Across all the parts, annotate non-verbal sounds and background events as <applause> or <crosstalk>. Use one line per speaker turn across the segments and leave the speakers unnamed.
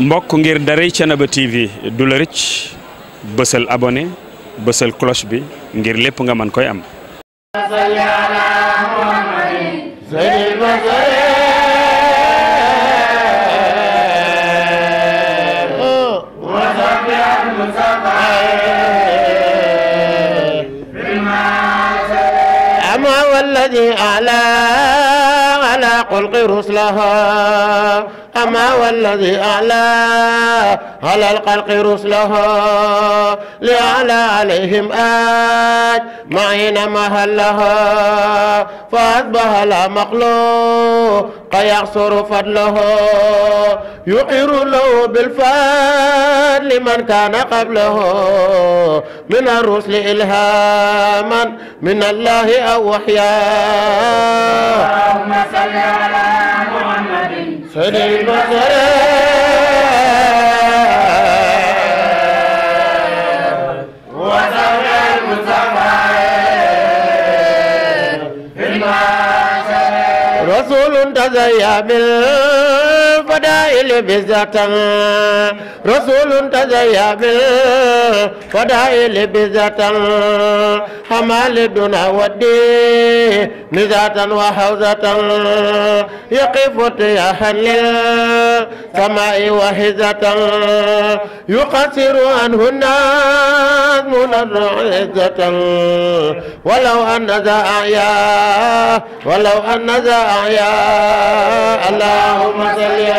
mbokk ngir daray Thiénaba TV du la rëcc bësal abonné bësal cloche bi ngir lépp nga mën koy am
أما والذي أعلى على قلق رسلها أما والذي أعلى على الخلق رسله لأعلى عليهم آج معين مهله فأصبح لا مخلوق يقصر فضله يقر له بالفضل من كان قبله من الرسل إلهاما من الله أو وحيا اللهم صل على محمد سليم سلام
وسلم
المتابعين
رسول تزيى بالله البدائل بذاتا رسول تزيا بالفدائل بذاتا حمال دون ودي نزاتا وحوزة يقف تياحا للسماء وحزة يقصر عنه الناس منر عزة ولو أن ذا أعيا ولو
أن ذا أعيا اللهم صل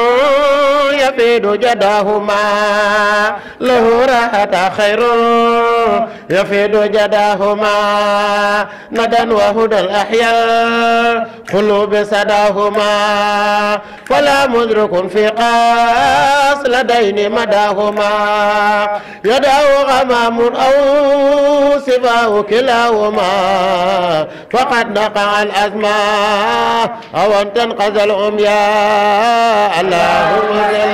يفيد جداهما له راحة خير يفيد جداهما ندى وهدى الأحياء قلوب سداهما فلا مدرك في قاس لدين مداهما يدعو غمام أو سباه كلاهما فقد نقع الأزمة أو أن تنقذ العمياء اللهم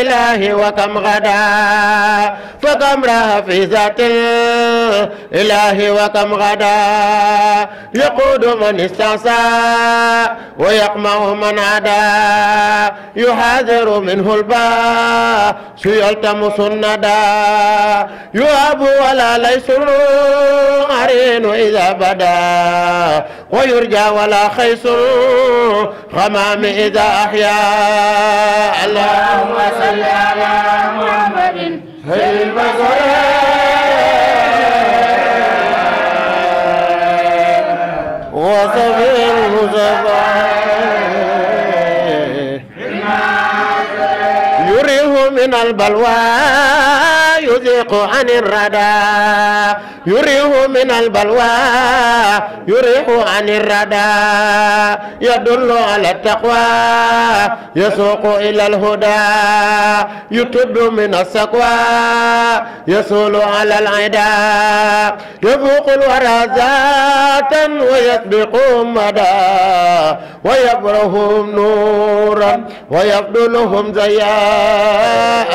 الإله وكم غدا فكم رافزة الإله وكم غدا يقود من استعصى ويقمع من عدا يحاذر منه الباء سيلتم سندا يهاب ولا ليس عرين إذا بدا ويرجى ولا خيس غمام إذا أحيا اللهم صل صل على
محمد البصر
وصفي المصطفى يريه من البلوى يذيق عن الردى يريه من البلوى يريه عن الردى يدل على التقوى يسوق إلى الهدى يطب من السقوى يسول على العدا يفوق الورى ذاتا ويسبقهم مدى ويبرهم نورا ويفضلهم زيا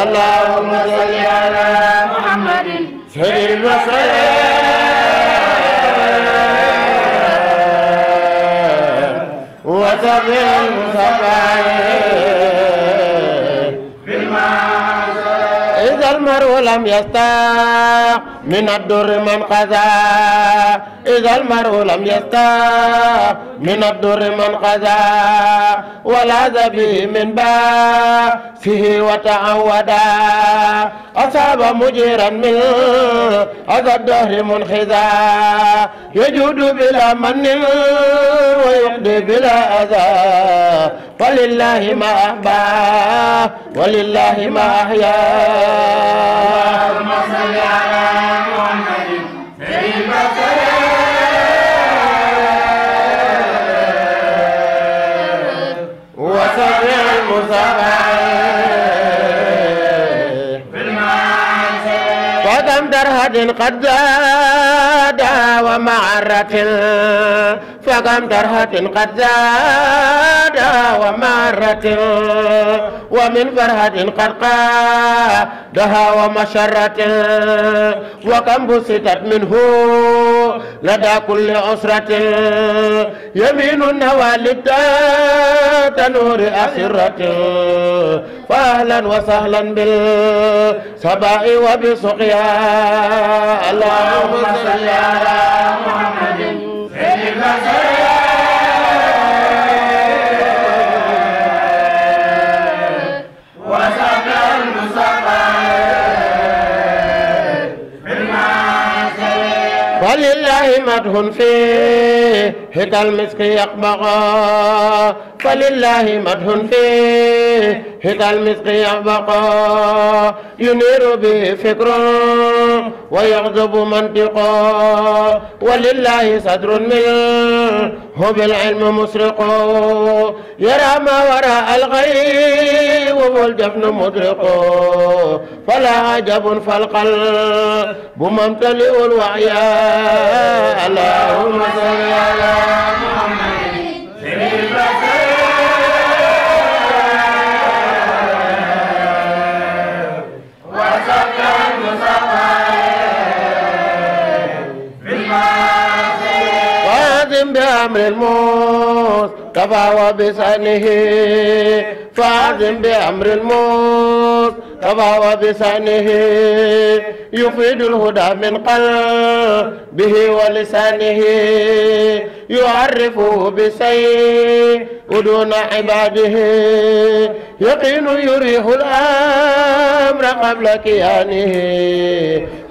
اللهم صل
على محمد
زهر المسلم وتبع
المسلم بالمعزل
إذا المرء لم يستحق من الدر من قزا إذا المرء لم يستاء من الدر من قزا ولا به من باء فيه وتعودا
أصاب مجيرا من هذا الدهر منخذا
يجود بلا من ويقضي بلا أذى ولله ما أحباه ولله ما أحيا
اللهم صل على
قدم درهد قد داوى معرة فكم ترهة قد زاد ومارة ومن فرهة قد قادها ومشرة وكم بسطت منه لدى كل أسرة يمين والد تنور أسرة فأهلا وسهلا بالصباح وبسقيا اللهم صل على Valeu! مدح فيه كالمسك يقبغى فلله مدح فيه كالمسك يقبغى ينير به فكر ويغضب منطقا ولله صدر منه بالعلم مسرق يرى ما وراء الغيب والجفن مدرق فلا عجب فالقلب ممتلئ الوعيان اللهم صل على محمد
سيد
البشر
وصدق المصطفى في
المعاصي وادم بأمر الموت تبع وبسانه فاعزم بأمر الموت تبع وبسانه يفيد الهدى من قلبه ولسانه يعرفه بسيء ودون عباده يقين يريه الأمر قبل كيانه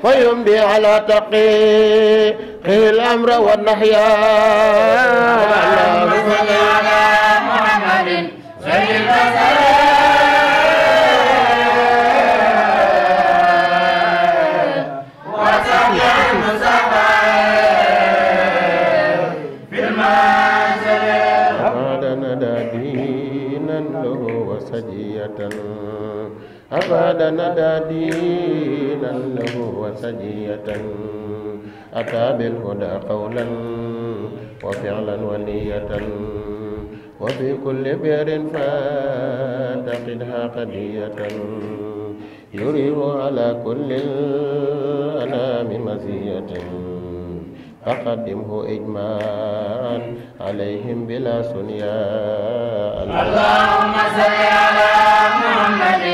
فيمضي على تقيه الأمر والنحيان اللهم قد ندى دينا له وسجية أتى بالهدى قولا وفعلا ونية وفي كل بئر فاتقدها قدية يريد على كل الأنام مزية فقدمه إجماعا عليهم بلا سنيا اللهم
صل على محمد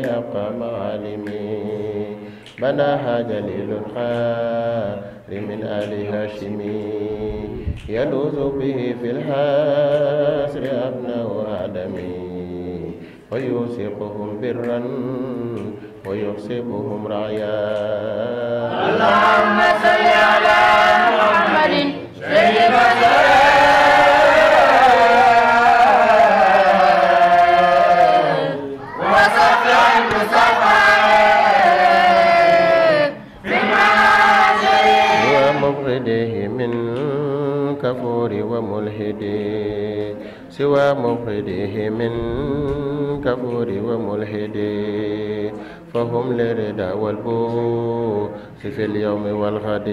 بناها جليل الخار من آل هاشم يلوذ به في الحاسر أبناء آدم ويوثقهم برا ويحسبهم رعيا اللهم صل
على محمد سيد
كفور وملحد سوى مفرده من كفور وملحد فهم للردى والبوس في اليوم والغد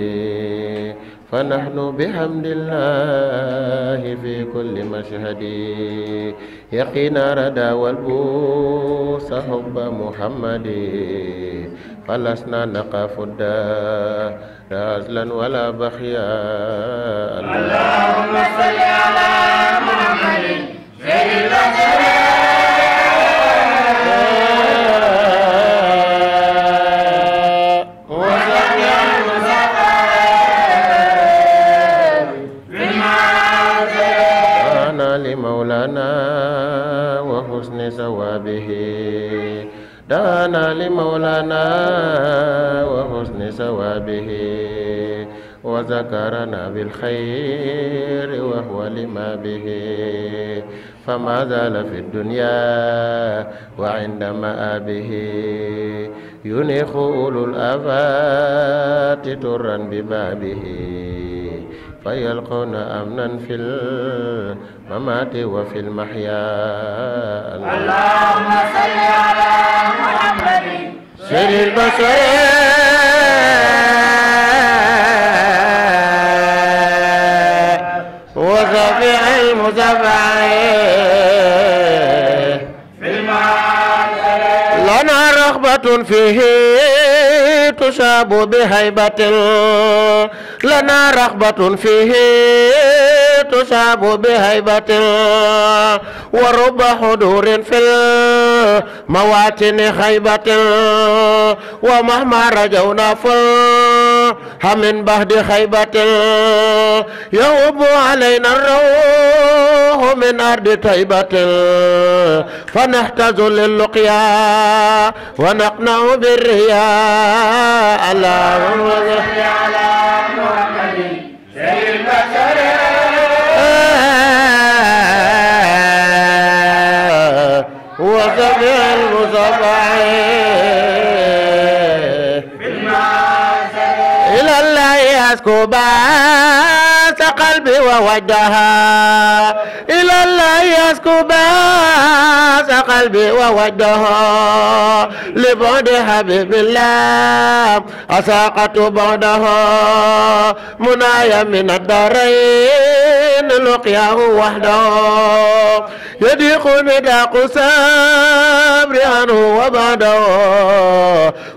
fa naxnu bi hamdillahi fi kulli mashhadi yaqina rada wal bu sa hubba muhammadi falasna naqafu da razlan wala baxya allahumma
salli ala muhammadin
دعانا لمولانا وحسن ثوابه وذكرنا بالخير وهو لما به فما زال في الدنيا وعند مآبه ينيخ أولو الآفات ترا ببابه فيلقون أمنا في الممات وفي المحيا اللهم
صل على محمد
سر البشر
وزبع
المزبع لنا رغبة فيه تشاب بهيبة لنا رغبة فيه تصاب بهيبة ورب حضور في المواتن خيبة ومهما رجونا فل هم بهد خيبة يهب علينا الروح من أرض طيبة فنحتز للقيا ونقنع بالرياء اللهم
صل
على محمد
Tuubaa وودها إلى الله يسكب قلبي وودها لبعد حبيب الله أساقت بعدها منايا من الدارين لقياه وحده يضيق مداق صبري عنه وبعده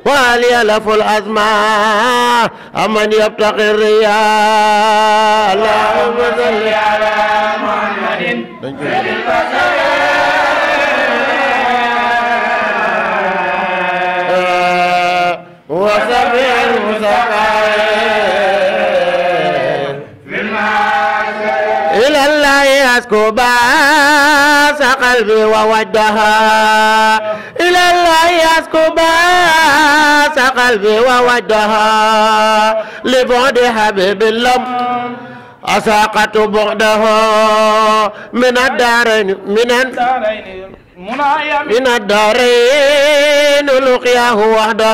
وعلي لف الأزمة أمن يبتغي الرياء اللهم صل على
محمد
وسبح
المسقين في
المعسكر إلى
الله أسكب بأس قلبي وودها
إلى الله أسكب بأس قلبي وودها لبعد حبيب الله أساقة بعده من الدارين من من الدارين لقياه وحده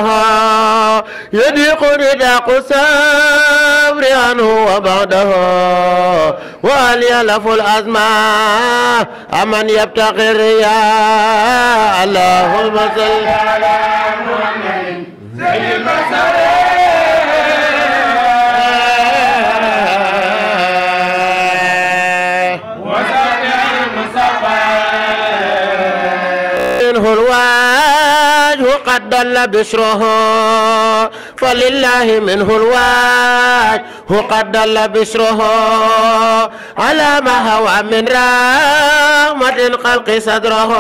يضيق رداق الصبر عنه وبعده وهل يلف الأزمة أمن يبتغي الرياء اللهم صل على محمد
سيد البشر
القرآن وجه قد ضل بشره فلله منه
الوجه قد ضل بشره على ما هوى من رحمة الخلق صدره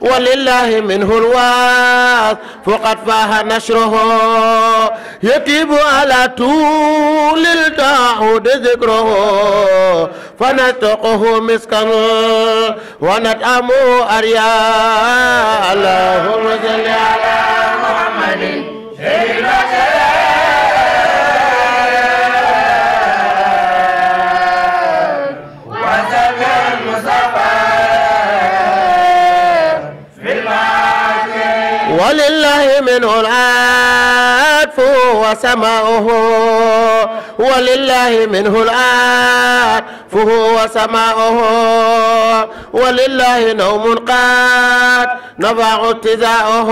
ولله منه الوجه فقد فاه نشره يتيب على طول التعود ذكره فنتقه مسكا ونتأمه أريا الله اللهم صل على محمد
سيد البشر
ولله منه العطف وسماؤه ولله منه الآتفه وسماؤه ولله نوم قد نفع اتزاؤه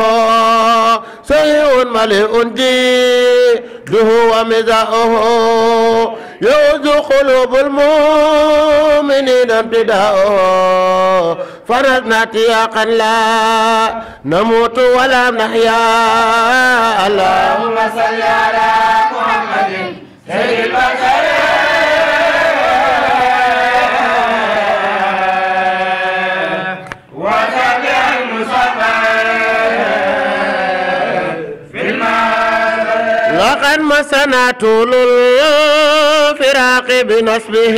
سيء مليء جيده ومزاؤه يؤذ قلوب المؤمنين امتداؤه فرزنا تياقا لا نموت ولا نحيا اللهم
صل على محمد
وقد
مسنا طول اليوم الفراق بنصبه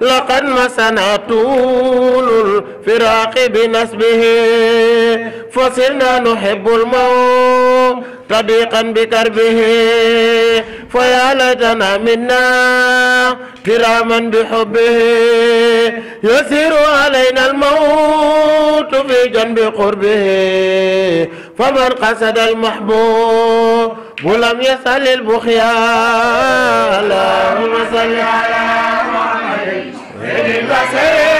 لقد مسنا طول الفراق بنصبه فصرنا نحب الموت طبيقا بكربه فيا ليتنا منا كراما بحبه يسير علينا الموت في جنب قربه فمن قصد المحبوب ولم يسأل البخيا اللهم صل على محمد
البصير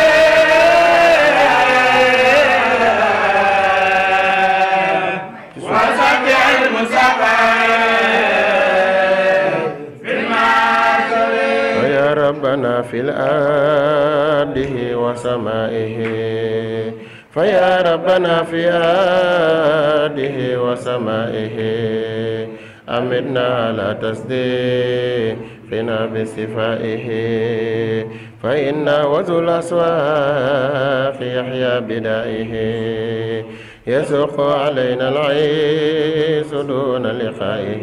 ربنا في الأرض وسمائه فيا ربنا في آله وسمائه أمتنا على تصديقنا بصفائه فإن وذو الأسواق يحيى بدائه يسوق علينا العيس دون لقائه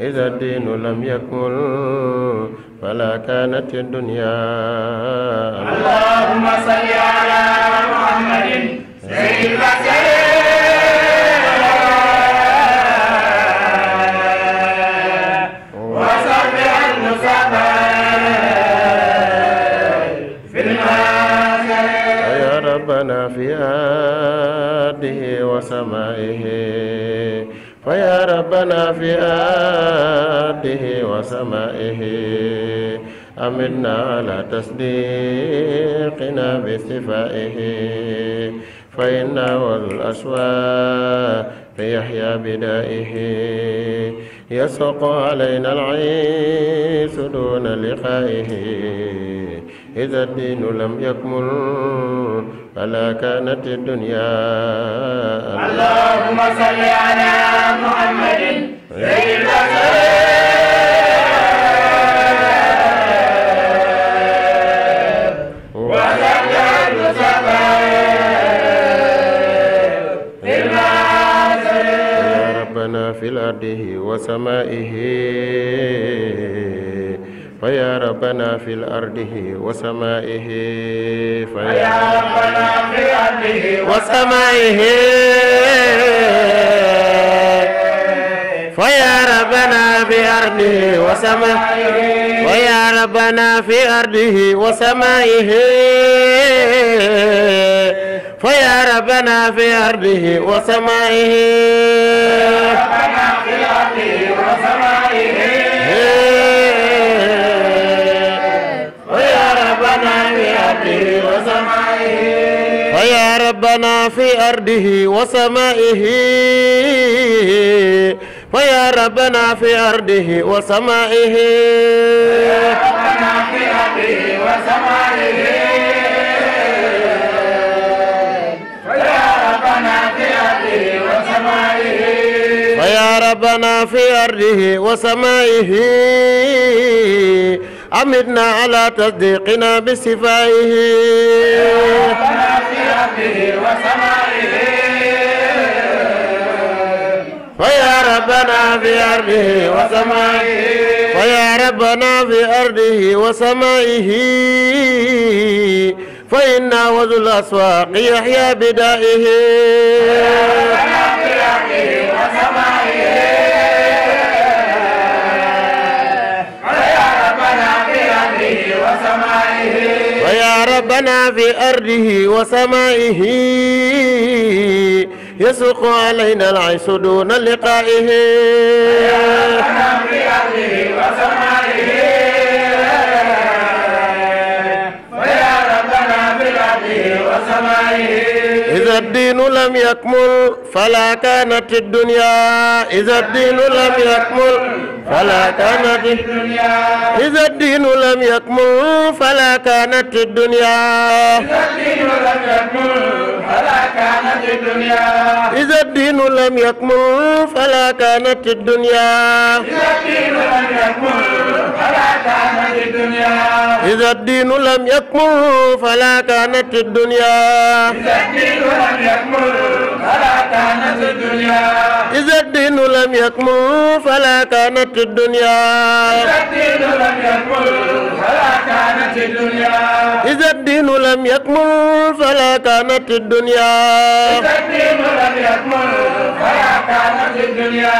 إذا الدين لم يكمل فلا كانت الدنيا اللهم
صل على محمد سيد الرسول
ربنا في آله وسمائه فيا ربنا في آله وسمائه أمنا على تصديقنا بصفائه فإنه الأشواق يحيى بدائه يسق علينا العيس دون لقائه إذا الدين لم يكمل فلا كانت الدنيا اللهم
صل على محمد
سيد البشر أرضه وسمائه فيا ربنا في الأرضه وسمائه فيا ربنا
في أرضه
وسمائه فيا ربنا في أرضه وسمائه فيا ربنا في أرضه وسمائه فيا
ربنا في أرضه وسمائه فيا ربنا في أرضه وسمائه
فيا ربنا
في أرضه وسمائه فيا ربنا في أرضه وسمائه ربنا في أرضه وسمائه أمتنا على تصديقنا بصفائه ربنا في أرضه
وسمائه
فيا ربنا في أرضه وسمائه فيا ربنا في أرضه وسمائه فإنا وذو الأسواق يحيى بدائه ربنا في أرضه وسمائه يسوق علينا العيش دون لقائه يا ربنا في أرضه وسمائه
ويا ربنا في أرضه وسمائه
إذا الدين لم يكمل فلا كانت الدنيا إذا الدين لم يكمل فلا كانت الدنيا إذا الدين لم يكمل فلا كانت الدنيا إذا الدين لم يكمل فلا كانت الدنيا إذا الدين لم يكمل فلا كانت الدنيا إذا الدين لم يكمل فلا كانت الدنيا إذا الدين لم يكمل فلا كانت الدنيا إذا الدين لم
يكمل يكمل فلا كانت الدنيا
إذا الدين لم يكمل فلا كانت الدنيا إذا الدين لم يكمل
فلا كانت الدنيا
إذا الدين لم يكمل فلا
كانت الدنيا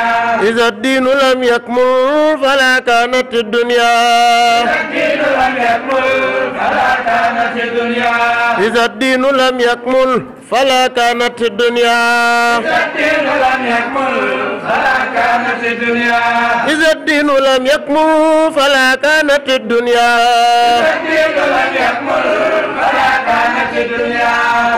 إذا الدين لم يكمل فلا كانت الدنيا إذا
الدين لم يكمل فلا
كانت الدنيا إذا الدين لم يكمل فلا كانت الدنيا إذا الدين لم يكمل فلا كانت الدنيا إذا الدين لم يكمل
فلا كانت الدنيا
إذا الدين لم يكمل فلا
كانت
الدنيا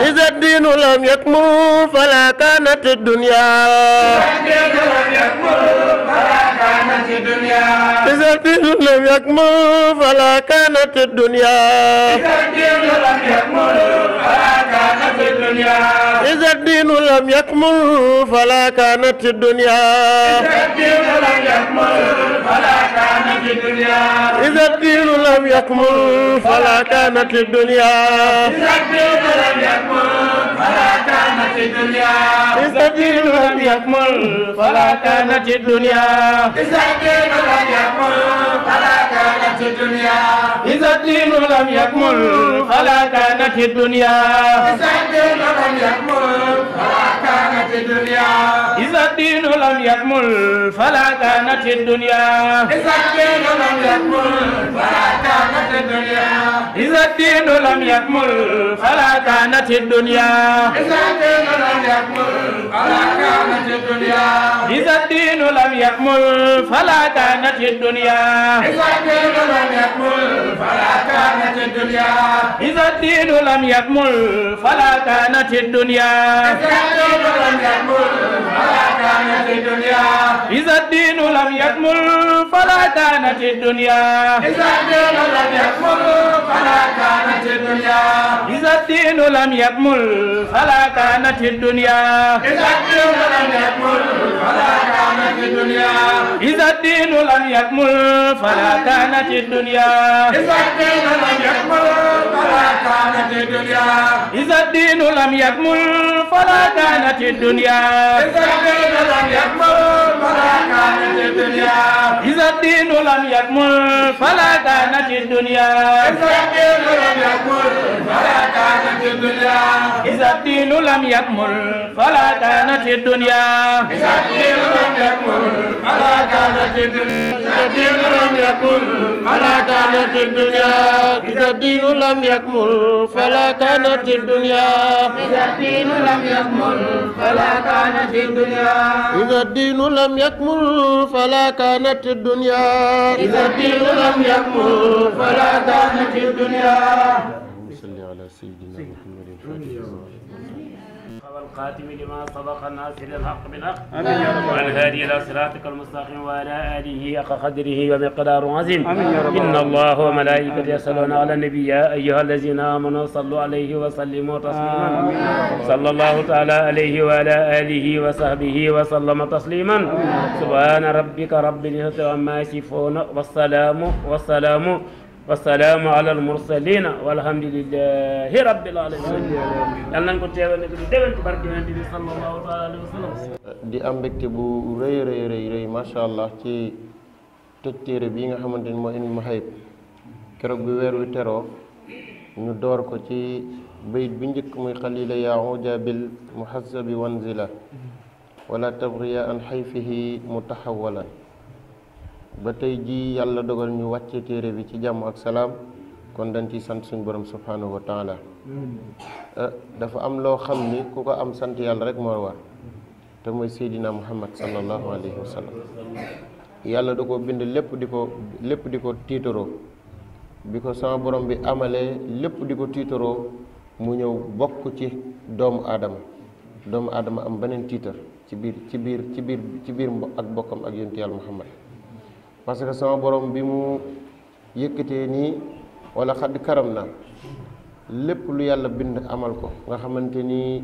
إذا الدين لم يكمل فلا كانت الدنيا إذا الدين
لم يكمل فلا كانت الدنيا إذا
الدين لم يكمل فلا كانت الدنيا إذا الدين لم يكمل فلا كانت الدنيا إذا الدين لم يكمل فلا الدنيا إذا الدين لم يكمل فلا كانت الدنيا إذا الدين لم يكمل فلا
كانت الدنيا
إذا الدين لم يكمل فلا كانت الدنيا إذا الدين لم يكمل
فلا كانت الدنيا استبدل لم يكمل فلا كانت الدنيا استبدل لم يكمل فلا كانت الدنيا إذا الدين لم يكمل فلا كانت الدنيا إذا الدين لم يكمل فلا كانت في الدنيا إذا الدين لم يكمل فلا كانت الدنيا إذا الدين لم يكمل فلا
كانت الدنيا إذا الدين لم
يكمل فلا كانت الدنيا إذا
الدين لم يكمل فلا كانت الدنيا إذا
الدين لم يكمل فلا كانت الدنيا إذا الدين لم يكمل فلا كانت الدنيا إذا الدين لم يكمل فلا كانت الدنيا إذا الدين لم يكمل فلا كانت الدنيا إذا الدين لم يكمل فلا كانت الدنيا إذا الدين لم يكمل فلا كانت الدنيا إذا الدين لم يكمل فلا كانت الدنيا إذا الدين لم يكمل فلا كانت الدنيا إذا الدين لم يكمل فلا كانت الدنيا إذا الدين لم يكمل فلا كانت الدنيا إذا الدين لم يكمل فلا كانت الدنيا إذا الدين لم يكمل فلا كانت الدنيا إذا الدين لم يكمل فلا كانت الدنيا إذا الدين لم يكمل فلا كانت الدنيا إذا الدين لم يكمل فلا كانت الدنيا إذا الدين لم يكمل فلا كانت الدين لم يكن فلا كانت الدنيا
إذا الدين لم يكمل فلا كانت الدنيا إذا الدين لم يكمل فلا كانت الدنيا إذا الدين لم يكمل فلا كانت الدنيا إذا الدين لم يكمل فلا كانت
الدنيا
القاتم لما سبق الناصر الحق بالحق امين يا رب والهادي الى صراطك المستقيم وعلى اله حق قدره ومقدار عظيم امين يا رب ان الله وملائكته يصلون على النبي يا ايها الذين امنوا صلوا عليه وسلموا تسليما صلى الله تعالى عليه وعلى اله وصحبه وسلم تسليما سبحان ربك رب العزه عما يصفون والسلام والسلام wasalaamu ala almursalina walhamdulilahi rabbil alamin di déwén ci barke bi sallallahu
bu rëy rëy rëy rëy macha allah ci tëj bii nga xamante ni mooy Hilmul Hayb keroog bi weer wi teroo ñu door ko ci bayit bi njëkk muy xalila yaa ujabil muhasabi wanzila wala tabriya an xayfihi mutahawalan ba tey jii yàlla dogal ñu wàcce téere bi ci jàmm ak salaam kon dañ ciy sant suñu borom subhanahu wa taala eh, dafa am loo xam ni ku ko am sant yàlla rek mooy war te mooy Seydina Muhammad sallallahu alayhi wa sallam yàlla da ko bind lépp di ko lépp di ko tiitaroo bi ko sama borom bi amalee lépp di ko tiitaroo mu ñëw bokk ci doomu aadama doomu aadama am beneen tiitar ci biir ci biir ci biir ci biir ak bokkam ak yonent yàlla Muhammad parce que sama borom bi mu yëkkatee nii walla xadd karam na lépp lu yàlla bind amal ko nga xamante ni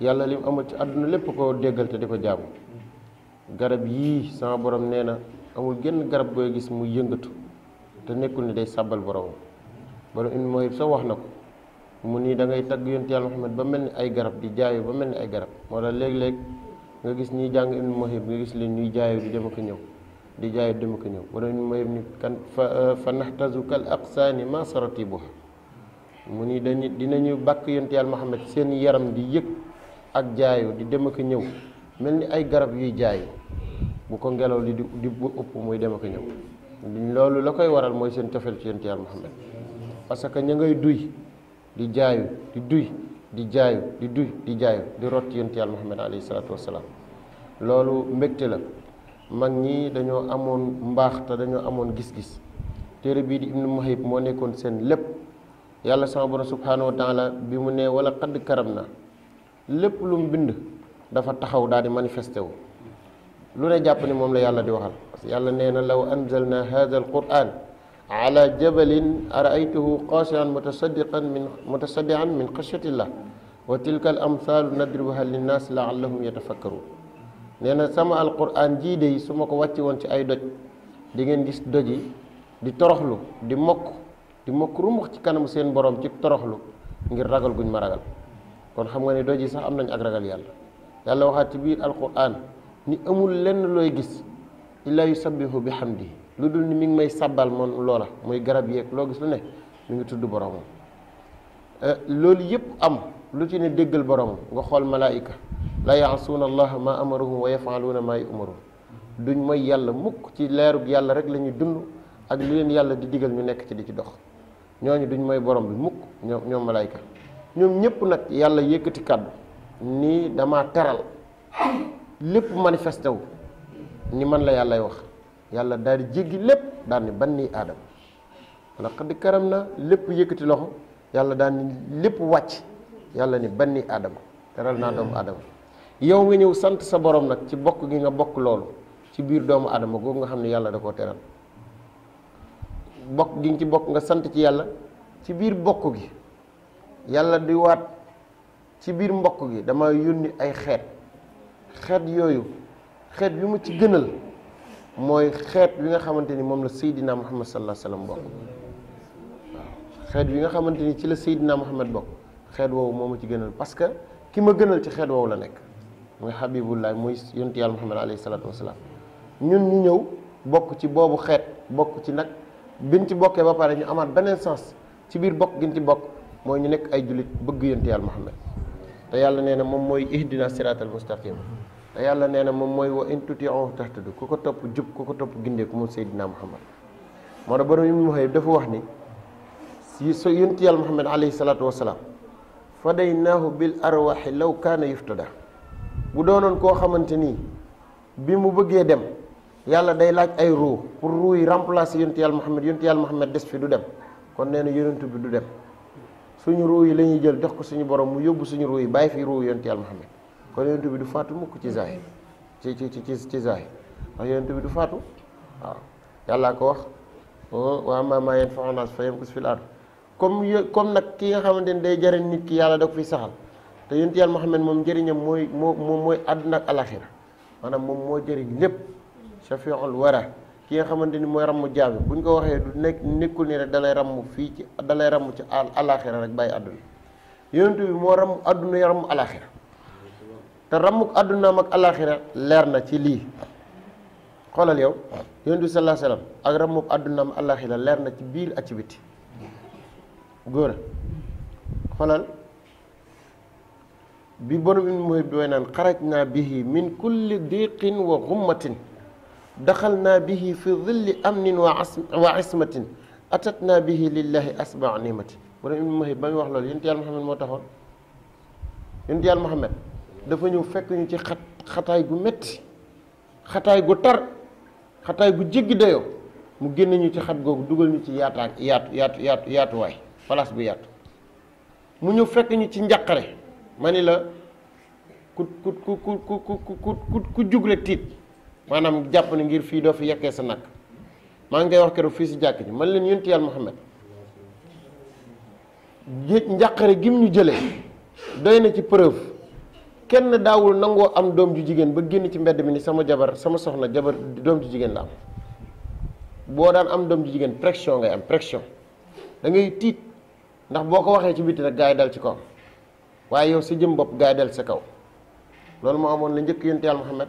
yàlla lim amal ci àdduna lépp ko déggal te di ko jaamu garab yii sama borom nee na amul genn garab gooy gis mu yëngatu te nekkul ni day sàbbal boromam borom in mooy sa wax na ko mu nii da ngay tagg yonte yàlla Muhammad ba mel ni ay garab di jaayu ba mel ni ay garab moo tax léeg-léeg nga gis ñuy jàng ibnu mohib nga gis leen ñuy jaayu di dem ak ñëw di jaay dama ko ñëw wala mooy ni kan fa fa naxtazu kal aqsaani ma saratibuha mu ni dañu dinañu bàkk yonent yàlla Muhammad seen yaram di yëg ak jaayu di dem ak ñëw mel ni ay garab yuy jaayu bu ko ngelaw di di bu dem ak ñëw loolu la koy waral mooy seen cofeel ci yonent yàlla Muhammad parce que ña ngay duy di jaayu di duy di jaayu di duy di jaayu di rot ci yonent yàlla Muhammad alayhi salaatu loolu mbégte la mag ñi dañoo amoon mbaax te dañoo amoon gis-gis téere bii di ibnu muhayib moo nekkoon seen lépp yàlla sama borom subhaanahu wa bi mu nee wala xadd karam na lépp lu mu bind dafa taxaw daal di manifesté wu lu ne jàpp ni moom la yàlla di waxal parce que yàlla nee na law anzalna hada al quran ala jabalin araaytuhu qaasian mutasaddiqan min mutasaddian min xashyatillah wa tilka al amthaalu nadribuha linnaas laallahum yatafakkaruun nee na sama alquran jii de su ma ko wàcce woon ci ay doj di ngeen gis doj yi di toroxlu di mokk di mokk rumux ci kanamu seen borom ci toroxlu ngir ragal guñ ma ragal kon xam nga ne doj yi sax am nañu ak ragal yàlla yàlla waxaat ci biir alquran ni amul lenn looy gis illaa yusabbihu bi xam hamdi lu dul ni mi ngi may sabbal moom loola muy garab yeeg loo gis lu ne mi ngi tudd boromam eh, loolu yëpp am lu ci ne déggal boromam nga xool malaayika la yaasuuna allaha ma amarahum wa yafaluuna maa yumaruun duñ mooy yàlla mukk ci leeru yàlla rek lañuy ñuy dund ak li leen yàlla di digal ñu nekk ci di ci dox ñooñu duñ mooy borom bi mukk ñoom ñoom malayka ñoom ñëpp nag yàlla yëkkati kàddu nii dama teral lépp manifesté wu ni man la yàllay wax yàlla daal di jéggi lépp daal ni ban nii aadama laqad karam na lépp yékkati loxo yàlla daal ni lépp wàcc yàlla ni ban nii aadama teral naa doomu aadama yow nga ñëw sant sa borom nag ci bokk gi nga bokk loolu ci biir doomu adama googu nga xam ne yàlla da koo teral bokk gi nga ci bokk nga sant ci yàlla ci biir bokk gi yàlla di waat ci biir mbokk gi dama yónni ay xeet xeet yooyu xeet bi mu ci gënal mooy xeet bi nga xamante ni moom la Seydina Muhammad sallallahu alayhi wasallam bokk waaw xeet bi nga xamante ni ci la Seydina Muhammad bokk xeet woowu moom ma ci gënal parce que ki ma gënal ci xeet woow la nekk mooy xabibullah mooy yontu yàlla muhammad alayhi salaatu wasalaam ñun ñu ñëw bokk ci boobu xeet bokk ci nag biñ ci bokkee ba pare ñu amaat beneen sens ci biir bokk giñ ci bokk mooy ñu nekk ay jullit bëgg yontu yàlla muhammad te yàlla nee na moom mooy ihdina siraatal mustaqim te yàlla nee na moom mooy wa in tuti'uhu tahtadu ku ko topp jub ku ko topp gindeeku moom seydina muhammad moo tax borom yi mu waxee dafa wax ni si so yontu yàlla muhammad alayhi salaatu wasalaam fadaynaahu bil arwaxi law kaana yuftada bu doonoon koo xamante ni bi mu bëggee dem yàlla day laaj ay ruu pour ruu yi remplacer yontu yàlla Muhammad yontu yàlla des fi du dem kon nee na yonentu bi du dem suñu ruu yi la jël jox ko suñu borom mu yóbbu suñu ruu yi bàyyi fi ruu yontu yàlla Muhammad kon yonentu bi du faatu mukk ci zaahir ci ci ci ci zaahir ndax yonentu bi du faatu waaw yàllaa ko wax oh, wa ammaa maa yanfa'u naas fa yamkuth fil ard comme comme nag ki nga xamante ni day jariñ nit yàlla da fiy saxal te yonent yàlla Muhammad moom njëriñam mooy moo moom mooy àdduna ak alaxira maanaam moom moo jëriñ lépp shafiul wara ki nga xamante ni mooy ramm jaami bu ñu ko waxee du nekk nekkul ni rek dalay ramu fii ci dalay ramu ci alaxira rek bàyyi àdduna yonent bi moo ramm àdduna ya ramm te rammuk àddunaam ak alaxira leer na ci lii xoolal yow yonent bi sallallahu alayhi wasallam ak rammuk àddunaam alaxira leer na ci biir ak ci biti góor xoolal bi borom im mooy booy naan xaraj naa bihi min kulli diqin wa xummatin daxal naa bihi fi dilli amnin wa wa ismatin atat naa bihi lillahi asbaa nimatin borom im mooy ba muy wax loolu yonent yàlla Muhammad moo taxoon yonent yàlla Muhammad dafa ñëw fekk ñu ci xat xataay gu metti xataay gu tar xataay gu jéggi dayoo mu génn ñu ci xat googu dugal ñu ci yaataa yaatu yaatu yaatu yaatuwaay place bu yaatu mu ñëw fekk ñu ci njàqare ma ni la ku ku ku ku ku ku ku jug rek tiit maanaam jàpp ne ngir fii doo fi yekkee sa nakk maa ngi koy wax keroog fii si jàkk ji man leen yonentu Yàlla Muhammad njàqare gim ñu jële doy na ci preuve kenn daawul nangoo am doom ju jigéen ba génn ci mbedd mi ni sama jabar sama soxna jabar doom ju jigéen la am boo daan am doom ji jigéen pression ngay am pression da ngay tiit ndax boo ko waxee ci biti rek gaa yi dal ci ko waaye yow si jëm bopp gaa yi del sa kaw loolu moo amoon la njëkk yonent Yàlla Muhammad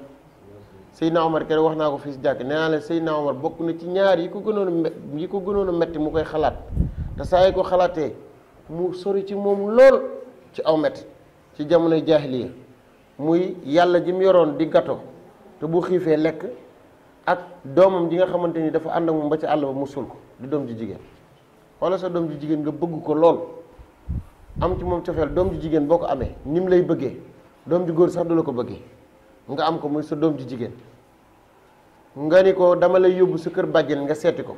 Seydina Omar kere wax naa ko fii si jàkk nee naa leen Seydina Omar bokk na ci ñaar yi ko gënoon a ko gënoon metti mu koy xalaat te saa yi ko xalaatee mu sori ci moom lool ci aw metti ci jamonoy jaahiliya muy yàlla ji mu yoroon di gato te bu xiifee lekk ak doomam ji nga xamante ni dafa ànd ak moom ba ci àll ba mu sul ko di doom ji jigéen wala sa doom ji jigéen nga bëgg ko lool am ci moom cofeel doom ju jigéen boo ko amee ni mu lay bëggee doom ju góor sax du la ko bëggee nga am ko muy sa doom ju jigéen nga ni ko dama lay yóbbu sa kër bàjjen nga seeti ko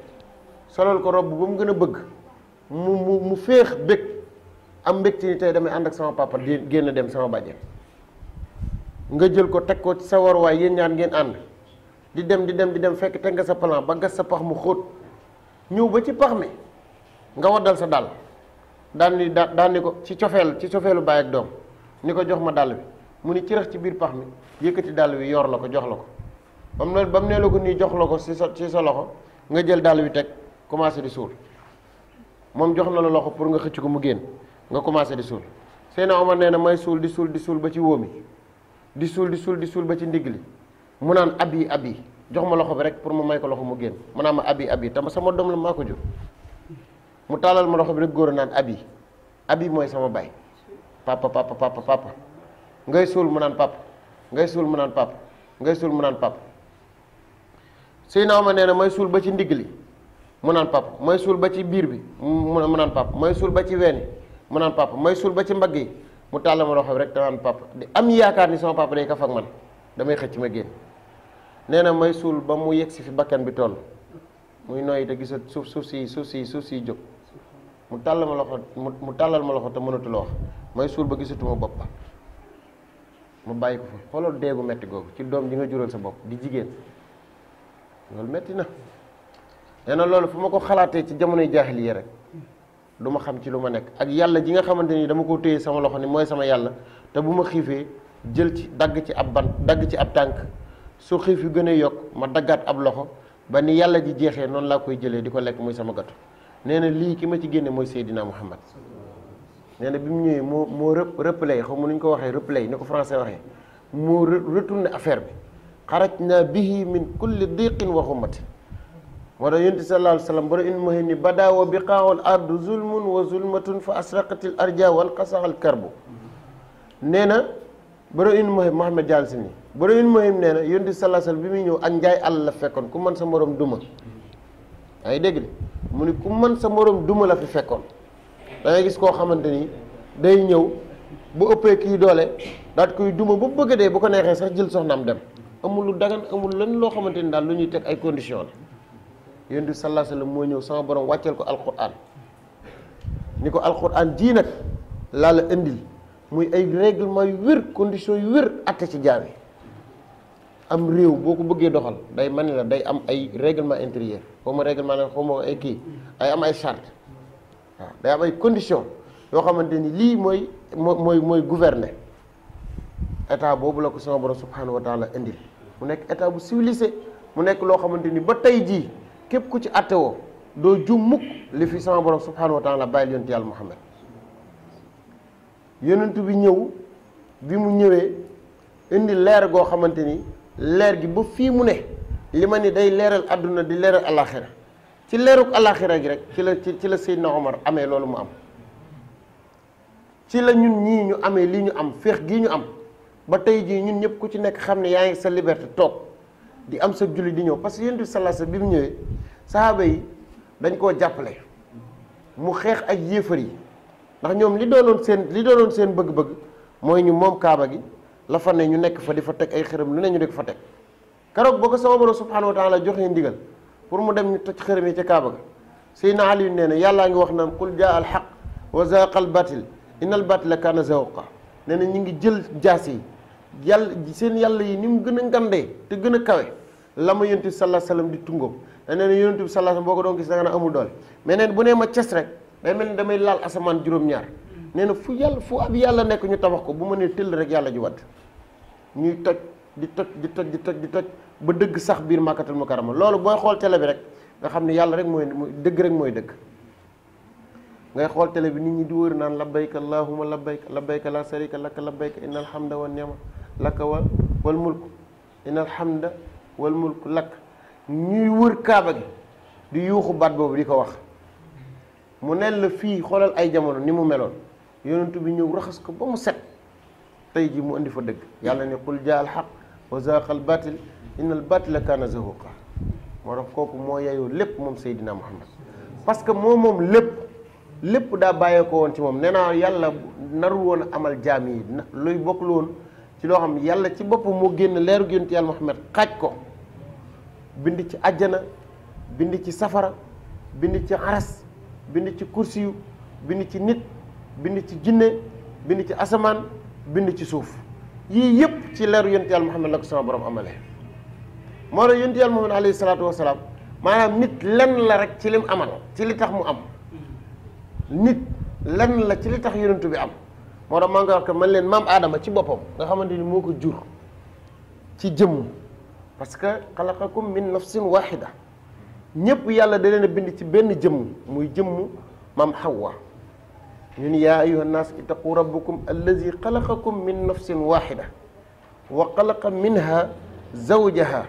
solal ko robb ba mu gën a bëgg mu mu mu féex bëgg am mbégte ni tey damay ànd ak sama papa di génn dem sama bàjjen nga jël ko teg ko ci sa warwaay yéen ñaan ngeen ànd di dem di dem di dem fekk teg nga sa plan ba gas sa pax mu xóot ñëw ba ci pax mi nga waddal sa dàll daan ni daan ni ko ci cofeel ci cofeelu baay ak doom ni ko jox ma dàll bi mu ni ci rax ci biir pax mi yëkkati dàll bi yor la ko jox la ko ba mu ne ba mu ne la ko nii jox la ko ci sa ci sa loxo nga jël dàll bi teg commencé di suul moom jox na la loxo pour nga xëcc ko mu génn nga commencé di suul a Omar nee na may suul di suul di suul ba ci wóomi di suul di suul di suul ba ci ndigg li mu naan ab abi abi jox ma loxo bi rek pour ma may ko loxo mu génn mu naan ma abi abi te sama doom la maa ko jur mu tàllal ma loxo bi rek góor a naan abi yi mooy sama baay papa papa papa papa ngay suul mu naan papp ngay suul mu naan papa ngay suul mu naan papa suy naaw ma nee na mooy suul ba ci ndigg li mu naan papa mooy suul ba ci biir bi mu naan papp mooy suul ba ci weeni mu naan papa may suul ba ci mbagg yi mu tàllal ma loxo bi rek danaan papa di am yaakaar ni sama papa day kaf ak man damay xëcc ma génn nee na mooy suul ba mu yegg si fi bakkan bi toll muy noyyi te gisat suuf suuf si suuf si suuf si jóg mu tàll ma loxo mu tàllal ma loxo te mënatul wax may suur ba gisatuma bopp mu bàyyi ko fa xoolal deegu metti googu ci doom ji nga jural sa bopp di jigéen loolu metti na nee na loolu fu ma ko xalaatee ci jamonoy jaahiliya rek du ma xam ci lu ma nekk ak yàlla ji nga xamante ni dama ko téye sama loxo ni mooy sama yàlla te bu ma xiifee jël ci dagg ci ab ban dagg ci ab tànk su xiif yu gën a yokk ma daggaat ab loxo ba ni yàlla ji jeexee noonu laa koy jëlee di ko lekk muy sama gatu nee na lii ki ma ci génne mooy Seydina Muhammad nee na bi mu ñëwee moo moo rëpp replay xaw ma nu ko waxee replay ni ko français waxee moo retourné affaire bi xaraj naa bihi min kulli diqin wa xummati moo tax yonent sallallahu alayhi wa sallam bara in mohe ni badaawa bi qaawal ardu zulmun wa zulmatun fa asraqatil arja wan qasaxal karbu nee in mohim Mohamed Diallo si nii bara in mohim nee na yonent bi muy ñëw ak njaay àll la fekkoon ku man sa morom duma ay ngi dégg de mu ne ku man sa morom duma la fi fekkoon da gis koo xamante ni day ñëw bu ëppee kii doole daat koy duma ba bëgg dee bu ko neexee sax jël soxnaam dem amul lu dagan amul lenn loo xamante ni daal lu ñuy teg ay condition la yéen di sallallahu alayhi moo ñëw sama borom wàcceel ko alquran ni ko alquran jii nag laa la indil muy ay règlement yu wér condition yu wér ak ci jaam yi am réew boo ko bëggee doxal day man la day am ay règlement intérieur xaw ma règlement ne xaw am ay charte waaw day am yoo xamante ni lii mooy mooy mooy gouverner état boobu la ko sama borom subhanahu wa indil mu nekk état bu civilisé mu nekk loo xamante ni ba tey jii képp ku ci attewoo doo jum mukk li fi sama borom subhanahu wa taala bàyyil yonent yàlla Muhammad yonent bi ñëw bi mu ñëwee indi leer goo xamante ni leer gi ba fii mu ne li ma ni day leeral àdduna di leeral alaxira ci leeruk alaxira gi rek ci la ci la Seydina Omar amee loolu mu am ci la ñun ñii ñu amee lii ñu am feex gii ñu am ba tey jii ñun ñëpp ku ci nekk xam ne yaa ngi sa liberté toog di am sa julli di ñëw parce que yonent bi sallallahu bi mu ñëwee sahaaba yi dañ koo jàppale mu xeex ak yéefar yi ndax ñoom li doon seen li doonoon seen bëgg-bëgg mooy ñu moom kaaba gi la fa ne ñu nekk fa di fa teg ay xërëm lu ne ñu di ko fa teg keroog boo ko sama borom subhanahu wa taala joxee ndigal pour mu dem ñu toj xërëm yi ca Kaaba ga Seydina Ali nee na yàllaa ngi wax naan qul jaa al xaq wa zaqa al batil inna al batila kaana zahuqa nee na ñu ngi jël jaas yi yàlla seen yàlla yi ni mu gën a ngandee te gën a kawe la ma yonent bi sallallahu alayhi wasallam di tungoom te nee na yonent bi sallallahu boo ko doon gis da nga ne amul doole mais nee bu ne ma ces rek day mel ni damay laal asamaan juróom-ñaar nee na fu yàlla fu ab yàlla nekk ñu tabax ko bu ma nee tëll rek yàlla ji wadd ñuy toj di toj di toj di toj di toj ba dëgg sax biir màkkatal mukarama loolu booy xool télé bi rek nga xam ne yàlla rek mooy dëgg rek mooy dëgg ngay xool tele bi nit ñi di wër naan labbayka allahumma labbayka labbayka la sharika laka labbayka innal hamda wa ni'ma lakk wa wal mulk innal hamda wal mulk lakk ñuy wër kaaba gi di yuuxu baat boobu di ko wax mu ne la fii xoolal ay jamono ni mu meloon yonentu bi ñëw raxas ko ba mu set tey ji mu indi fa dëgg yàlla ne qul jaa al xaq wa zaaqal batil inna al batila moo tax kooku moo yeyoo lépp moom Seydina Muhammad parce que moom moom lépp lépp daa bàyyee ko woon ci moom nee naa yàlla naru woon a amal jaam yi luy bokkul woon ci loo xam yàlla ci bopp mu génn leeru yonent yàlla Muhammad xaaj ko bind ci àjjana bind ci safara bind ci aras bind ci kursiyu bind ci nit bind ci jinne bind ci asamaan bind ci suuf yii yëpp ci leeru yonent yàlla Muhammad la ko sama borom amale moo tax yonent yàlla Muhammad alayhi salaatu wasalaam maanaam nit lenn la rek ci lim amal ci li tax mu am nit lenn la ci li tax yonent bi am moo tax maa ngi wax que man leen maam aadama ci boppam nga xamante ni moo ko jur ci jëmm parce que xalaqakum min nafsin waxida ñëpp yàlla da leen bind ci benn jëmm muy jëmm maam xawwa ñu ni yaa ayuha nnaas ittaqu rabbakum allazi xalaqakum min nafsin waxida wa xalaqa minha zawjaha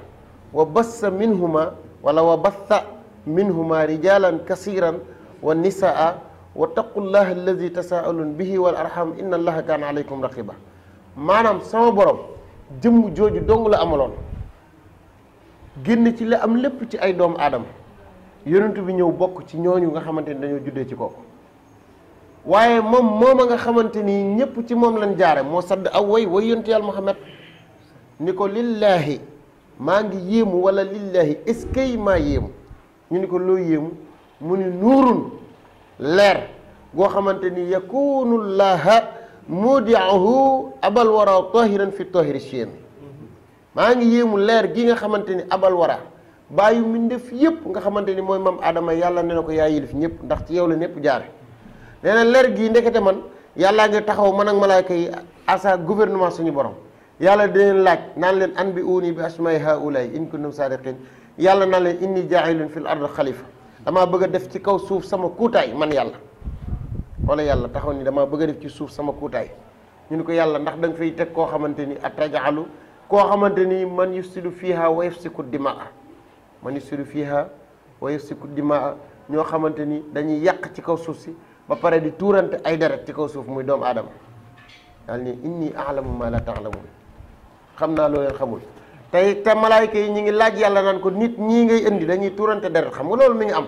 wa bassa minhuma wala wa bassa minhuma rijalan kasiran wa nisaa wa taqu llah allazi tasaaluun bihi wal arham inna allaha kaana aleykum raqiba maanaam sama borom jëmm jooju dong la amuloon génn ci la am lépp ci ay doomu aadama yonent bi ñëw bokk ci ñooñu nga xamante ni dañoo juddee ci kooku waaye moom moom mooma nga xamante ni ñëpp ci moom lañ jaare moo sadd aw way way yontu yàlla Muhammad ni ko lillaahi maa ngi yéemu walla lillaahi est-ce que maa yéemu ñu ni ko loo yéemu mu ni nuurun leer goo xamante ni yakunu llaha mudiahu abal wara tahiran fi tahiri chiami maa ngi yéemu leer gi nga xamante ni abal wara bàyyi mbindéef yépp nga xamante ni mooy maam Adama yàlla ne na ko yaa yilif ñëpp ndax ci yow la ñëpp jaare nee na leer gii te man yàllaa ngi taxaw man ak malaayka yi assa gouvernement suñu borom yàlla dinañ laaj naan leen an bi uuni bi asmaay haulaay in kuntum sadiqin yàlla naan leen inni jaa'ilun fil ard xalifa damaa bëgg a def ci kaw suuf sama kuutaay man yàlla wala yàlla taxaw ni damaa bëgg a def ci suuf sama kuutaay ñu ni ko yàlla ndax da nga fay teg koo xamante ni atajaalu koo xamante ni man yufsidu fiha wa yafsiku dimaa man yufsidu fiha wa yafsiku dimaa ñoo xamante ni dañuy yàq ci kaw suuf si ba pare di tuurante ay deret ci kaw suuf muy doomu aadama daal nii inni alamu ma la tax la taalamun xam naa loo leen xamul tey te malaayka yi ñu ngi laaj yàlla naan ko nit ñii ngay indi dañuy tuurante deret xam nga loolu mi ngi am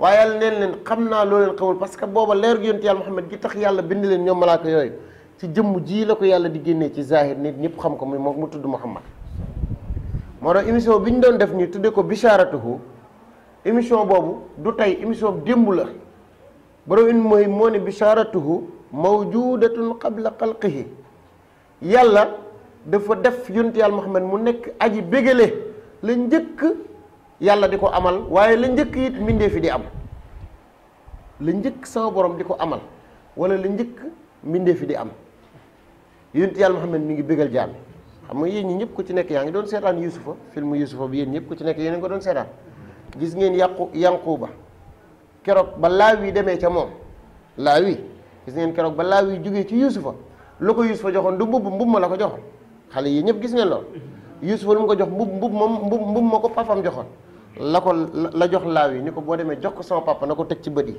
waaye yàlla neen leen xam naa loo leen xamul parce que booba leer gi yonent yàlla gi tax yàlla bind leen ñoom malaaka yooyu ci jëmm ji la ko yàlla di génnee ci zahir nit ñëpp xam ko mu moom mu tudd Muhammad moo tax émission bi ñu doon def ñu tuddee ko Bichaaratuhu émission boobu du tey émission démb la borom in mooy moo ne bishaaratuhu mawjudatun qabla xalqihi yàlla dafa def yonent yàlla Muhammad mu nekk aji bégale la njëkk yàlla di ko amal waaye la njëkk it mbindeef yi di am la njëkk sama borom di ko amal wala la njëkk mbindeef yi di am yonent yàlla Muhammad mi ngi bégal jaami xam nga yéen ñi ñëpp ku ci nekk yaa ngi doon seetaan Yusufa film Yusufa bi yéen ñëpp ku ci nekk yéen a ko doon seetaan gis ngeen yàqu yanquba keroog ba laawi demee ca moom laawi gis ngeen keroog ba laawi jógee ci yuusufa lu ko yuusufa joxoon du mbubb mbubb ma la ko joxoon xale yi ñëpp gis ngeen lool yuusufa lu mu ko jox mbubb mbubb moom mbubb mbubb ma ko papam joxoon la ko la jox laaw yi ni ko boo demee jox ko sama papa na ko teg ci bët yi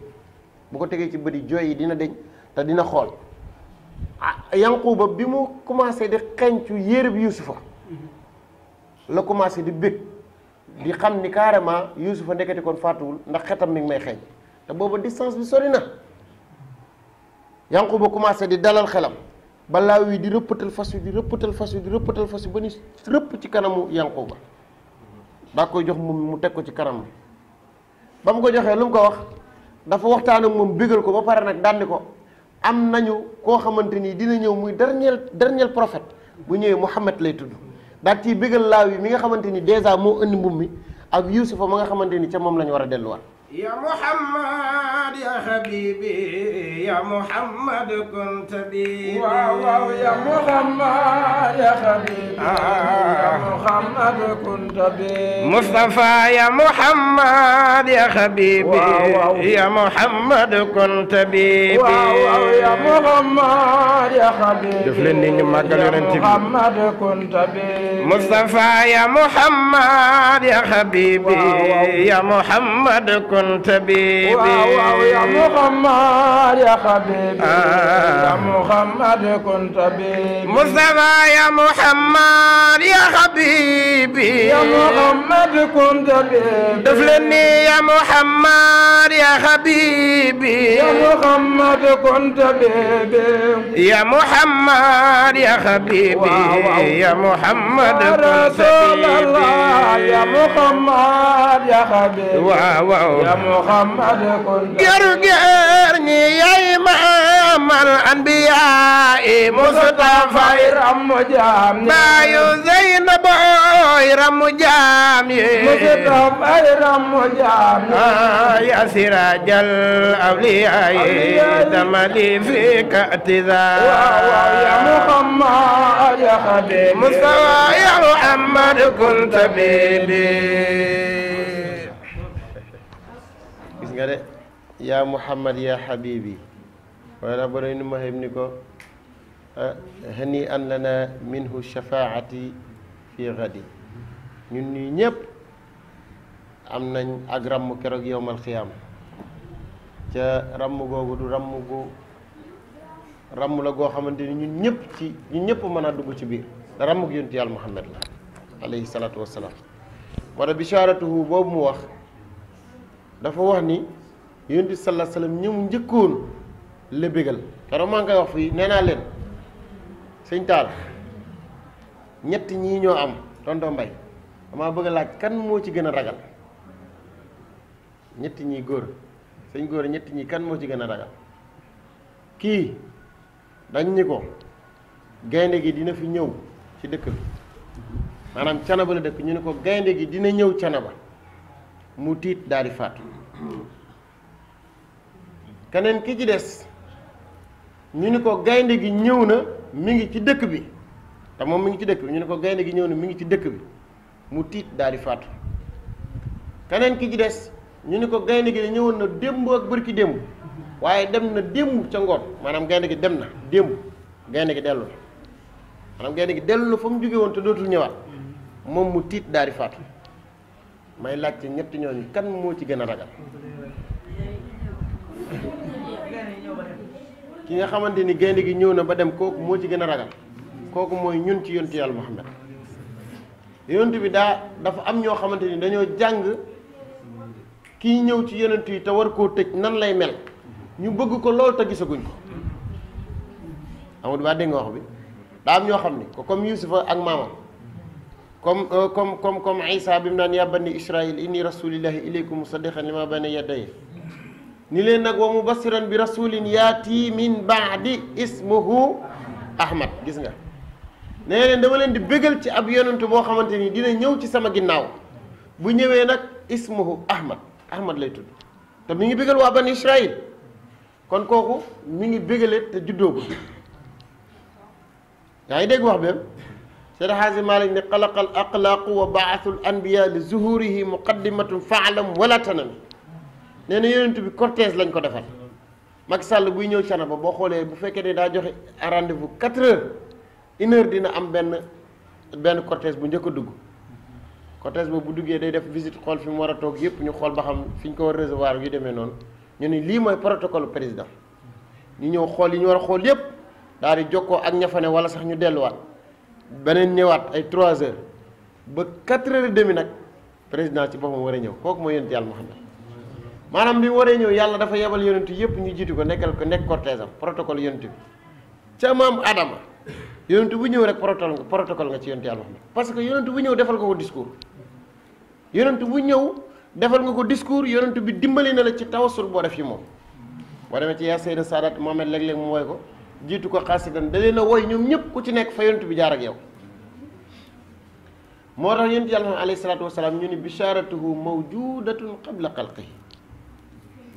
bu ko tegee ci bët yi jooy yi dina deñ te dina xool ah yanquba bi mu commencé di xencu yére bi yuusufa la commencé di bëgg di xam ni carrément Yuusufa ndekete kon faatuwul ndax xetam mi ngi may xeeñ te booba distance bi sori na Yanquba commencé di dalal xelam balaa wi di rëppatal fas wi di rëppatal fas wi di rëppatal fas wi ba ni rëpp ci kanamu Yanquba daa koy jox moom mu teg ko ci kanam bi ba mu ko joxee lu mu ko wax dafa waxtaan ak moom bégal ko ba pare nag dandi ko am nañu koo xamante ni dina ñëw muy dernier dernier prophète bu ñëwee Muhammad lay tudd daal ciy bégal laaw yi mi nga xamante ni dèjà moo indi mbubb mi ak yuusufa ma nga xamante ni ca moom la ñu war a delluwaat
يا محمد يا حبيبي يا محمد كنت بي واو واو يا محمد يا حبيبي يا محمد كنت بي مصطفى يا محمد يا حبيبي يا محمد كنت بي واو واو يا محمد يا حبيبي دفلني نمك محمد كنت بي مصطفى يا محمد يا حبيبي يا محمد كنت من تبيبي واو يا محمد يا حبيبي آه يا محمد كن طبيبي مصطفى يا محمد يا حبيبي يا محمد كن
طبيبي
دفلني يا محمد يا حبيبي يا محمد
كن طبيبي
يا محمد يا حبيبي يا محمد كن طبيبي يا محمد يا حبيبي واو يا محمد كن يرجعني يا إمام الأنبياء مصطفى رم جامي بايو زينب رم جامي مصطفى رم جامي آه يا سراج الأولياء دملي فيك اعتذار يا محمد يا خبيبي مصطفى يا محمد كنت بيبي
nga de yaa muhammad yaa habibi waaye nag ba doy nu ma xeeb ni ko ah, hani an lana minhu shafaati fi gadi ñun ñii ñépp am nañ ak ràmm keroog yowmal xiyaam ca ramm googu du ramm gu ramm la goo xamante ni ñu ñëpp ci ñun ñëpp mën a dugg ci biir ramm gu yonent yàlla muhammad la alayhi salaatu wassalaam moo tax bishaaratuhu boobu mu wax dafa wax ni yonent bi sallallahu alayhi wasallam njëkkoon la bégal keroog maa ngi koy wax fii nee naa leen sëñ taal ñett ñii ñoo am tonton mbay damaa bëgg a kan moo ci gën a ragal ñetti ñi góor sëñ góor ñetti ñi kan moo ci gën a ragal kii dañ ñi ko gaynde gi dina fi ñëw ci dëkk bi maanaam canaba la dëkk ñu ne ko gaynde gi dina ñëw canaba mu tiit daal di faatu keneen ki ci des ñu ni ko gaynde gi ñëw na mu ngi ci dëkk bi te moom mi ngi ci dëkk bi ñu ni ko gaynde gi ñëw na mi ngi ci dëkk bi mu tiit daal di faatu keneen ki ci des ñu ni ko gaynde gi ñëwoon na démb ak ki démb waaye dem na démb ca ngoon maanaam gaynde gi dem na démb gaynde gi dellu na maanaam gaynde gi dellu na fa mu jóge woon te dootul ñëwaat moom mu tiit daal di faatu may laajte ñetti ñooñu kan moo ci gën a ragal ki nga xamante ni gaynde gi ñëw na ba dem kooku moo ci gën a ragal kooku mooy ñun ci yontu yàlla Muhammad yonent bi daa dafa am ñoo xamante ni dañoo jàng kii ñëw ci yonent yi te war koo tëj nan lay mel ñu bëgg ko lool te gisaguñu ko amut baa dégg bi daa am ñoo xam ni ko comme Yusufa ak maamam comme euh, comme comme comme Isa bi mu naan yaa bani Israil inni rasulillahi ilaykum musaddiqan lima bayna yadayhi ni leen nag wa mubasiran bi rasulin yaati min baadi ismuhu Ahmad gis nga nee leen dama leen di bégal ci ab yonentu boo xamante ni dina ñëw ci sama ginnaaw bu ñëwee nag ismuhu Ahmad Ahmad lay tudd te mu ngi bégal waa bani Israil kon kooku mu ngi bégale te juddoo ko yaa ngi dégg wax beem Seydi Haaji Maalik ne xalaqa al axlaaqu wa baathu l anbiya li zuhurihi muqaddimatun faalam wala tanami nee na yonent bi cortège lañ ko defal mag sàll buy ñëw Thiénaba boo xoolee bu fekkee ne daa joxe rendez-vous quatre heures une dina am benn benn cortège bu njëkk dugg cortège boobu bu duggee day def visite xool fi mu war a toog yëpp ñu xool ba xam fi ñu ko war recevoir yu demee noonu ñu ni lii mooy protocole président ñu ñëw xool yi ñu war a xool yëpp daal di jokkoo ak ña wala sax ñu delluwaat beneen ñëwaat ay 3 heures ba 4 heures de demi nag président ci boppam war a ñëw kooku mooy yonent yàlla Muhammad maanaam bi mu waree ñëw yàlla dafa yebal yonent yëpp ñu jiitu ko nekkal ko nekk cortège am protocole yonent bi ca maam Adama yonent bu ñëw rek protocole nga protocole nga ci yonent yàlla Muhammad parce que yonent bu ñëw defal ko ko discours yonent bu ñëw defal nga ko discours yonent bi dimbali na la ci tawasul boo def yi moom boo demee ci yaa Seyda Sadat Mohamed léeg-léeg mu wooy ko jiitu ko si da leen na woy ñoom ñëpp ku ci nekk fa yonent bi jaar ak yow moo tax yonent yàlla alayhi salaatu wasalaam ñu ni bishaaratuhu mawjudatun qabla xalqihi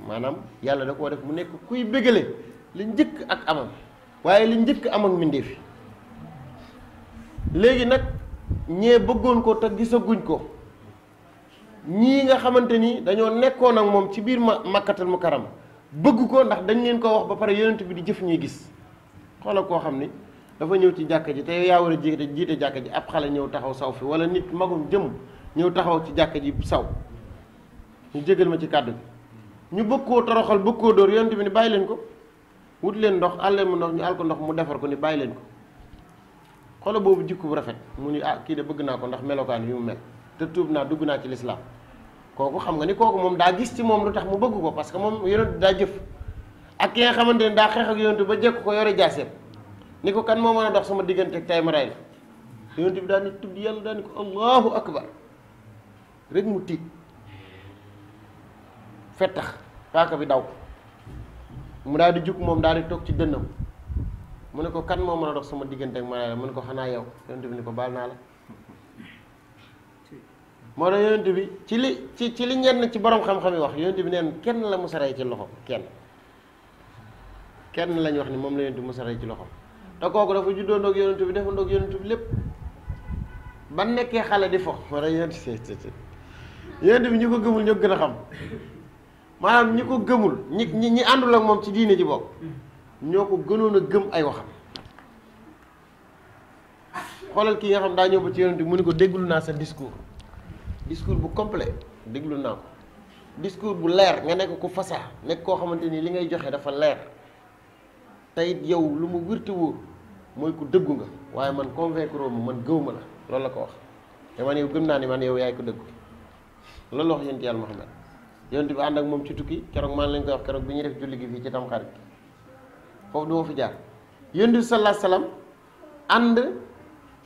maanaam yàlla da koo def mu nekk kuy béggale li njëkk ak amam waaye li njëkk am ak mbindeef yi léegi nag ñee bëggoon ko te gisaguñ ko ñii nga xamante ni dañoo nekkoon ak moom ci biir ma makkatal mu karam bëgg ko ndax dañu leen ko wax ba pare yonent bi di jëf ñuy gis xoola koo xam ni dafa ñëw ci jàkka ji te yaa war a jiite jiite jàkka ji ab xale ñëw taxaw saw fi wala nit magum jëm ñëw taxaw ci jàkka ji saw ñu jégal ma ci kàddu bi ñu bëgg koo toroxal bëgg koo dóor yonent bi ni bàyyi leen ko wut leen ndox àllee mu ndox ñu àll ko ndox mu defar ko ni bàyyi leen ko xoola boobu jikku bu rafet mu ni ah kii de bëgg naa ko ndax melokaan yi mu mel te tuub naa dugg naa ci lislaam kooku xam nga ni kooku moom daa gis ci moom lu tax mu bëgg ko parce que moom yonent daa jëf ak ki nga xamante ne daa xeex ak yonent ba jekk ko yore jaaseem ni ko kan moo mën a dox sama diggante ak tay ma rey la yonent bi daan ni tudd yàlla daan ni ko allahu akbar rek mu tiit fettax paaka bi daw mu daal di jug moom daal di toog ci dënnam mu ne ko kan moo mën a dox sama diggante ak ma la mu ne ko xanaa yow yonent bi ni ko baal naa la moo tax yonent bi ci li ci ci li na ci borom xam-xam yi wax yonent bi neen kenn la musa rey ci loxo kenn kenn lañ wax ni moom la yonent bi mos a rey ci loxoom te kooku dafa juddoo ndoog yonent bi defa ndoog yonent bi lépp ba nekkee xale di fo wala yonent yonent bi ñu ko gëmul ñoo gën a xam maanaam ñi ko gëmul ñi ñi ñi àndul ak moom ci diine ji bokk ñoo ko gënoon a gëm ay waxam xoolal ki nga xam daa ñëw ba ci yonent bi mu ni ko déglu naa sa discours discours bu complet déglu naa ko discours bu leer nga nekk ku fasaa nekk koo xamante ni li ngay joxe dafa leer teyit yow lu mu wirti wóor mooy ku dëggu nga waaye man convaincre ma man gëwma la loolu la ko wax te man yow gëm naa ni man yow yaay ko dëggu loolu la wax yonent yàlla Muhammad yonent bi ànd ak moom ci tukki keroog maa lañ koy wax keroog bi ñu def julli gi fii ci tamxarit foofu du fi jaar yonent bi sallallahu alayhi ànd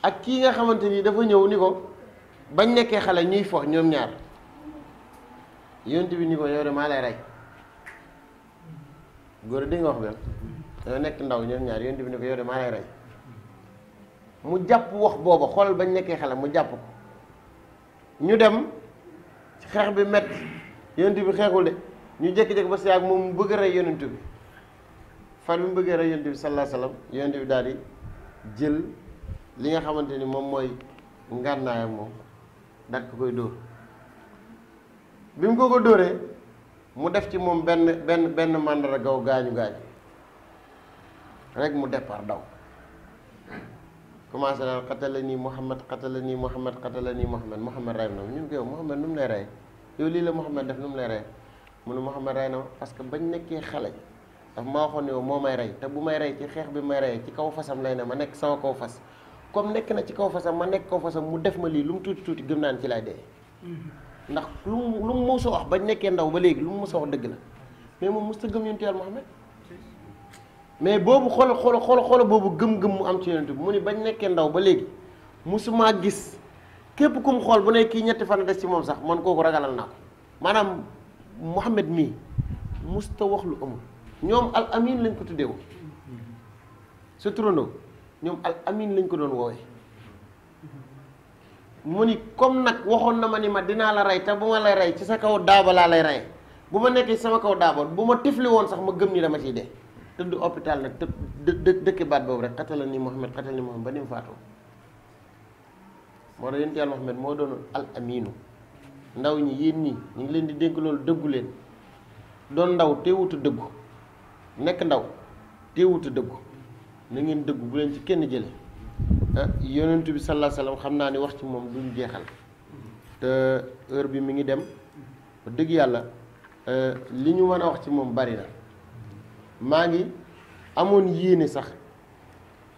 ak kii nga xamante ni dafa ñëw ni ko bañ nekkee xale ñuy fo ñoom ñaar yonent bi ni yow de maa rey góor di nga wax benn dañoo nekk ndaw ñoom ñaar yonent bi ne ko yow de mu jàpp wax booba xoolal bañ nekkee xale mu jàpp ko ñu dem xeex bi metti yonent bi xeexul de ñu jékki-jékki ba si ak moom mu bëgg a fan bi mu bëggee rey yonent bi sallallahu alayhi jël li nga xamante ni moom mooy ngànnaayam moom daat ko koy dóor bi mu ko ko dóoree mu def ci moom benn benn benn màndargaw gaañu gaañu rek mu départ daw commencé naan xatala nii Mouhamed xatala nii Mouhamed xatala nii Mouhamed Mouhamed rey na ma ñun ko yow Mouhamed nu mu lay rey yow lii la Mouhamed def nu mu lay rey mu ne Mouhamed rey na ma parce que bañ nekkee xale daf ma waxoon moo may rey te bu may rey ci xeex bi may rey ci kaw fasam lay ne ma nekk sama kaw fas comme nekk na ci kaw fasam ma nekk kaw fasam mu def ma lii lu mu tuuti tuuti gëm naa naan ci lay dee
mm-hmm.
ndax lu mu lu mu mës a wax bañ nekkee ndaw ba léegi lu mu mës a wax dëgg la mais moom mës a gëm yonent Yàlla mais boobu xolo xolo xolo xolo boobu gëm-gëm mu am ci yonent bi mu ni bañ nekkee ndaw ba léegi musuma gis képp ku mu xool bu nekk kii ñetti fana des ci moom sax man kooku ragalal naa ko maanaam Mouhamed mii musta wax lu amul ñoom al amin lañ ko tuddee sa turandoo ñoom al amin lañ ko doon woowee mu ni comme nag waxoon na ma ni ma dinaa la rey te bu ma lay rey ci sa kaw daaba laa lay rey bu ma nekkee sama kaw daaba bu ma tifli woon sax ma gëm ni dama ciy dee tëdd hôpital nag të dë baat boobu rek xatal ni Mouhamed xatal ni Mouhamed ba ni mu faatoo moo tax yéen yàlla Mouhamed moo doonoon al aminu ndaw ñi yéen ñi ñu ngi leen di dénk loolu dëggu leen doon ndaw teewut a dëggu nekk ndaw teewut a dëggu na ngeen dëggu bu leen ci kenn jële ah, yonent bi sallallahu xam naa ni wax ci moom duñ jeexal te heure bi mi ngi dem dëgg yàlla ah, li ñu mën a wax ci moom bari na maa ngi amoon yéene sax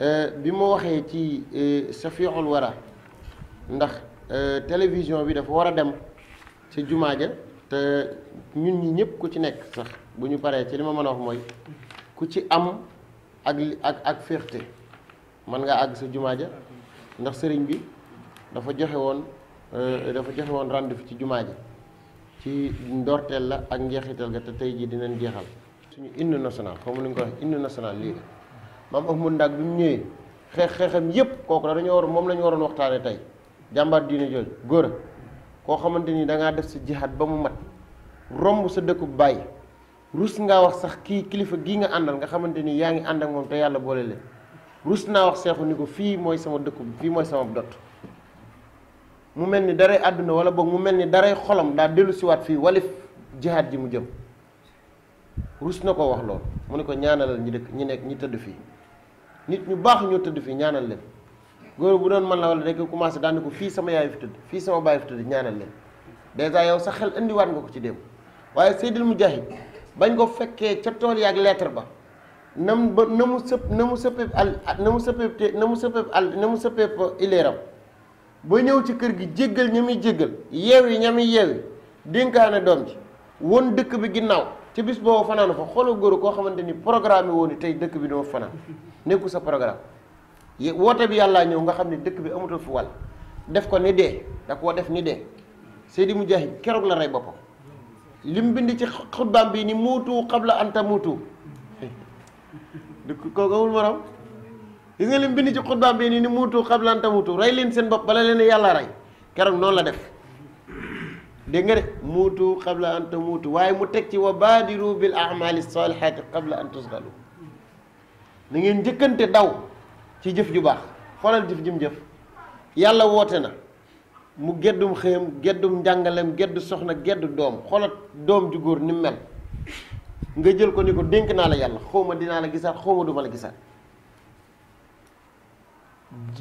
euh, bi ma waxee ci euh, Safiul Wara ndax euh, télévision bi dafa war a dem ci jumaa ja te ñun ñi ñëpp ku ci nekk sax bu ñu paree ci li ma mën a wax mooy ku ci am ak ak ak fierté mën nga àgg sa jumaa ja ndax sëriñ bi dafa joxe woon dafa joxe woon rendez-vous ci jumaa ji ci ndoorteel la ak njeexital ga te tey jii dinañ jeexal suñu hymne national comme ni ñu ko waxee hymne national lii la maam Ahmadou Ndak bi mu ñëwee xeex xeexam yépp kooku la dañoo war moom lañu waroon waxtaane tey jàmbaar diine jooju góor koo xamante ni da ngaa def sa jihaad ba mu mat romb sa dëkku bàyyi rus ngaa wax sax kii kilifa gii nga àndal nga xamante ni yaa ngi ànd ak moom te yàlla boole leen rus naa wax seexu ni ko fii mooy sama dëkku fii mooy sama dot mu mel ni daray àdduna wala boog mu mel ni daray xolam daa dellu siwaat fii walif jihaad ji mu jëm rus na ko wax lool mu ne ko ñaanalal ñi dëkk ñi nekk ñi tëdd fii nit ñu baax ñoo tëdd fii ñaanal leen góor bu doon man la wala rek commencé daan ko fii sama yaay fi tëdd fii sama baay fi tëdd ñaanal leen dèjà yow sa xel indiwaat nga ko ci démb waaye Seydil Mujahid bañ ko fekkee ca tool yaag lettre ba na ba na mu sëpp na mu sëppeeb al na mu sëppeeb te na mu sëppeeb al na mu sëppeeb ileeram ba ñëw ci kër gi jéggal ña muy jéggal yeew yi ña muy yeew dénkaane doom ji won dëkk bi ginnaaw ci bis boobu fanaanu fa xooloo góor koo xamante ni programme woon ni tey dëkk bi doo fanaan nekku sa programme woote bi yàllaa ñëw nga xam ne dëkk bi amatul fi wàll def ko ni dee da koo def ni dee Seydi Mujahid keroog la rey boppam lim bind ci xutbaam bi ni muutu qabla anta muutu dëkk kooku amul morom gis nga lim bind ci xutbaam bi ni ni muutu qabla anta rey leen seen bopp bala leen yàlla rey keroog noonu la def dégg nga de muutu qabla an tamuutu waaye mu teg ci wa baadiru bil amali xeet qabla an tusgalu na ngeen jëkkante daw ci jëf ju baax xoolal jëf jim jëf yàlla woote na mu geddum xëyam geddum njàngaleem geddu soxna geddu doom xoolal doom ju góor ni mel nga jël ko ni ko dénk naa la yàlla xaw ma dinaa la gisaat xaw ma duma la gisaat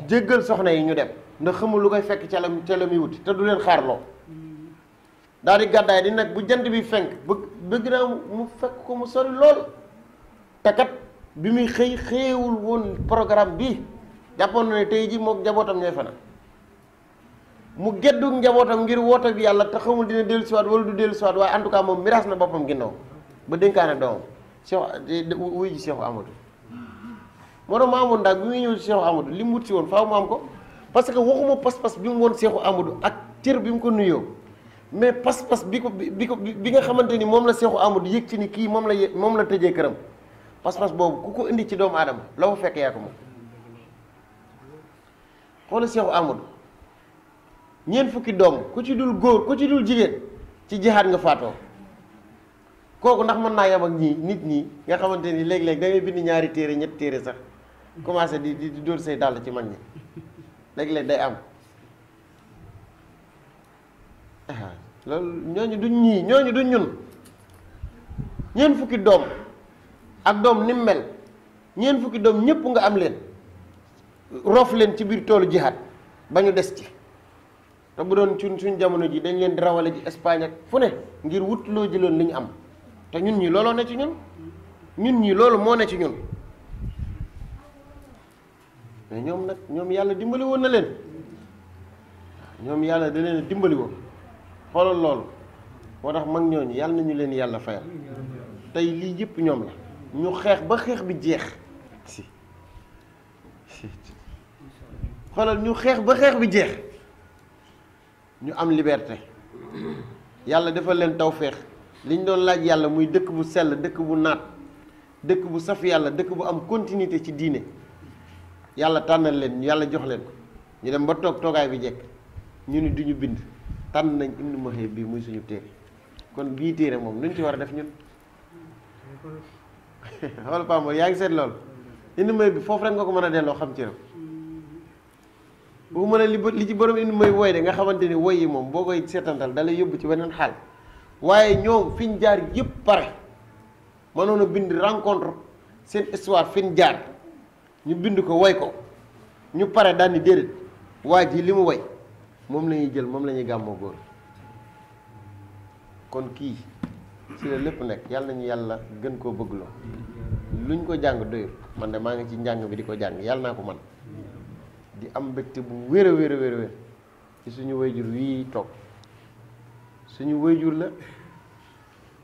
jéggal soxna yi ñu dem ndax xamul lu koy fekk ca la ca la wuti te du leen xaarloo daal di gàddaay di nag bu jant bi fenk bëgg bëgg naa mu fekk ko mu sori lool te bi muy xëy xëyewul woon programme bi jàppoon na ne tey ji mook njabootam ñooy fanaan mu geddu njabootam ngir woote bi yàlla te xamul dina dellu siwaat wala du dellu siwaat waaye en tout cas moom miraas na boppam ginnaaw ba dénkaane doomam Cheikh wuy ji Cheikh Amadou moo tax ñëw ci Cheikh Amadou li mu wut si woon faaw mu am ko parce que waxuma pas-pas bi mu woon Cheikh Amadou ak cër bi mu ko nuyoo mais pas-pas bi ko bi ko bi nga xamante ni moom la Seexu Amadu yëg ci ni kii moom la moom la tëjee këram pas-pas boobu ku ko indi ci doomu aadama loo fa fekk yaa ko moom xoola Seexu Amadu ñeent fukki doom ku ci dul góor ku ci dul jigéen ci jihaat nga faatoo kooku ndax mën naa yem ak ñii nit ñi nga xamante ni léeg-léeg da ngay bind ñaari téere ñetti téere sax commencé di di dóor say dàll ci mag ñi léeg-léeg day am. loolu ñooñu duñ ñii ñooñu duñ ñun ñeen fukki doom ak doom ni mel ñeent fukki doom ñëpp nga am leen roof leen ci biir toolu jihaat ba ñu des ci te bu doon suñ suñ jamono ji dañ leen di rawale ji Espagne ak fu ne ngir wut loo jëloon li ñu am te ñun ñii looloo ne ci ñun ñun ñii loolu moo ne ci ñun mais ñoom nag ñoom yàlla dimbali na leen ñoom yàlla da leen dimbali xoolal loolu moo tax mag ñooñu yàlla nañu leen yàlla fayal tey lii yëpp ñoom la ñu xeex ba xeex bi jeex si xoolal ñu xeex ba xeex bi jeex ñu am liberté yàlla defal leen tawféex liñ doon laaj yàlla muy dëkk bu sell dëkk bu naat dëkk bu saf yàlla dëkk bu am continuité ci diine yàlla tànnal leen yàlla jox leen ko ñu dem ba toog toogaay bi jekk ñu ni duñu bind tànn nañ Ibnu Muhayib bii muy suñu téere kon bii téere moom nuñ ci war a def ñun <laughs> xool Paa yaa ngi seet loolu Ibnu Muhayib bi foofu rek nga ko mën a delloo xam ci ram bu mën a li li ci borom Ibnu Muhayib woy de nga xamante ni woy yi moom boo koy seetantal dalay yóbbu ci beneen xaal waaye ñoom fi ñu jaar yépp pare mënoon a bind rencontre seen histoire fi ñu jaar ñu bind ko woy ko ñu pare daal ni waa ji li mu woy moom lañuy jël moom lañuy ñuy gàmmoo góor kon kii ci la lépp nekk yàlla nañu yàlla gën koo bëgg loo luñ ko jàng doyul man de maa ngi ci njàng bi di ko jàng yàlla naa ko man di am mbégte bu wér a wér ci suñu wayjur wii toog suñu wayjur la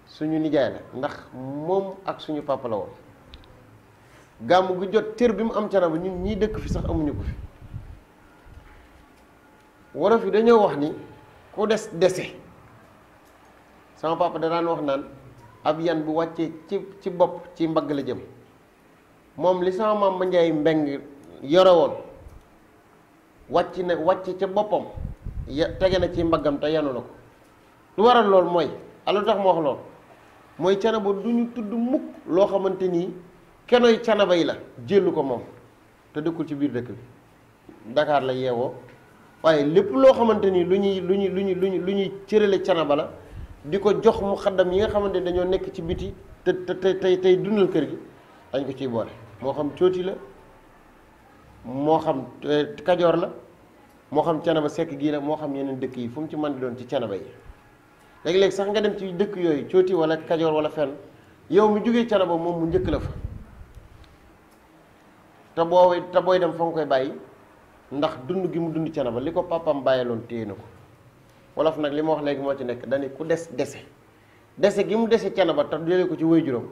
suñu nijaay la ndax moom ak suñu papa la gàmm gu jot cër bi mu am cana ñu ñun ñii dëkk fi sax amuñu ko fi wolof yi dañoo wax ni ku des dese sama papa da daan wax naan ab yan bu wàccee ci ci bopp ci mbagg la jëm moom li sama maam ma njaay mbeng yore woon wàcc na wàcc ca boppam ya tege na ci mbaggam te yanu na ko lu waral lool mooy alu tax mu wax lool mooy canaba du tudd mukk loo xamante nii kenoy canaba yi la jëlu ko moom te dëkkul ci biir dëkk bi dakaar la yeewoo waaye lépp loo xamante ni lu ñuy lu ñuy lu ñuy lu ñuy lu ñuy cërale canaba la di ko jox mu xaddam yi nga xamante ni dañoo nekk ci biti te te te tey tey dundal kër gi dañ ko ciy boole moo xam cooti la moo xam eh, kajoor la moo xam canaba sekk gii la moo xam yeneen dëkk yi fu mu ci mën di doon ci canaba yi léegi léeg sax nga dem ci dëkk yooyu cooti wala kajoor wala fenn yow mu jógee canaba moom mu njëkk la fa te boo te booy dem fa nga koy bàyyi ndax dund gi mu dund canaba li ko papam bàyyiloon téye na ko wolof nag li ma wax léegi moo ci nekk dani ku des dese dese gi mu dese canaba tax jëlee ko ci waajuram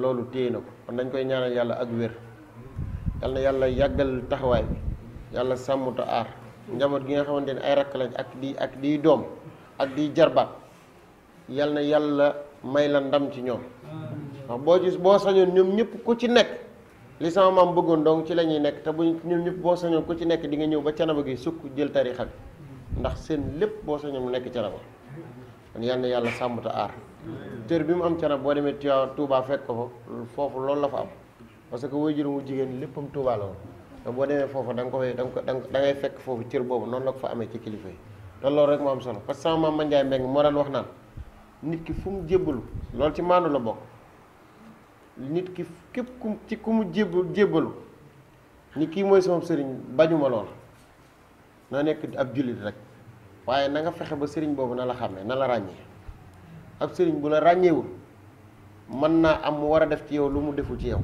loolu téye na ko kon dañ koy ñaanal yàlla ak wér yal yàlla yàggal taxawaay bi yàlla sàmm te aar njaboot gi nga xamante ne ay rakk lañ ak di ak di doom ak di jarbaat yal na yàlla may la ndam ci ñoom ndax boo gis boo sañoon ñoom ñëpp ku ci nekk li sama maam bëggoon donc ci la ñuy nekk te bu ñun ñëpp boo sañoon ku ci nekk di nga ñëw ba canaba gi sukk jël tarixa ndax seen lépp boo sañoon mu nekk canaba kon yal na yàlla sàmm te aar tër bi mu am canaba boo demee Touba fekk ko fa foofu loolu la fa am parce que waajur mu jigéen léppam Touba la woon te boo demee foofu da nga ko fay da ko da ngay fekk foofu cër boobu noonu la ko fa amee ci kilifa yi te loolu rek moo am solo parce que sama maam Mandiaye Mbengue moo daan wax naan nit ki fu mu jébbalu loolu ci maandu la bokk nit ki képp ku ci ku mu jébbalu jébbalu ni kii mooy sama sëriñ bañuma lool na nekk ab jullit rek waaye na nga fexe ba sëriñ boobu na la xàmmee na la ràññee ab sëriñ bu la ràññeewul mën naa am mu war a def ci yow lu mu deful ci yow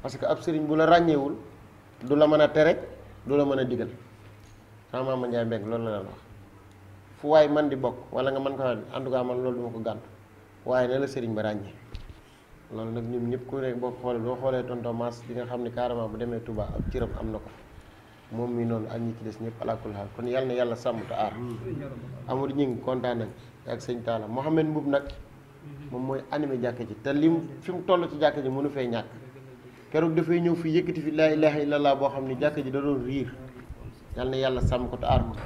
parce que ab sëriñ bu la ràññeewul du la mën a tere du la mën a digal sama maama Njaay Mbeng loolu la leen wax fu waay man di bokk wala nga mën ko en tout cas man loolu duma ko gàntu waaye na la sëriñ ba ràññee loolu nag ñoom ñëpp ko nekk boo xoolee boo xoolee tonton Mass bi nga xam ne carrément bu demee Touba ak cëram am na ko moom mi noonu ak ñi ci des ñëpp alakul xaal kon yàlla na yàlla sàmm te aar amul ñu kontaan nañ ak sëñ Talla Mouhamed Mboub nag moom mooy animé jàkk ji te lim fi mu toll ci jàkk ji mënu fee ñàkk keroog dafay ñëw fi yëkkati fi laa ilaha illallah boo xam ne jàkk ji da doon riir yàlla na yàlla sàmm ko te ko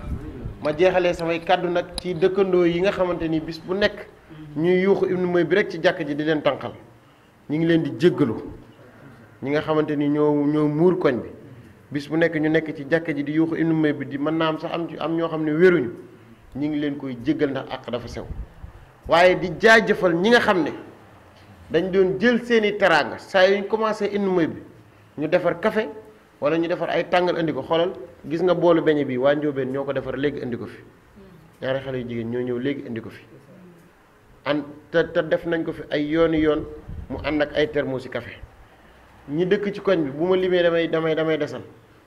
ma jeexalee samay kàddu nag ci dëkkandoo yi nga xamante ni bis bu nekk ñuy yuuxu ibnu mooy bi rek ci jàkk ji di leen tànqal ñu ngi leen di jéggalu ñi nga xamante ni ñoo ñoo muur koñ bi bis bu nekk ñu nekk ci jàkka ji di yuuxu Ibnoul Mouheyibe bi di mën naa am sax am am ñoo xam ne wéruñu ñu ngi leen koy jéggal ndax àq dafa sew waaye di jaajëfal ñi nga xam ne dañ doon jël seeni teraanga saa ñu commencé Ibnoul Mouheyibe bi ñu defar kafe wala ñu defar ay tàngal indi ko xoolal gis nga boolu beñe bi waa Njóobeen ñoo ko defar léegi indi ko fi ñaari xale yu jigéen ñoo ñëw léegi indi ko fi an te te def nañ ko fi ay yooni yoon mu ànd ak ay termoosi kafe ñi dëkk ci koñ bi bu ma limee damay damay damay desal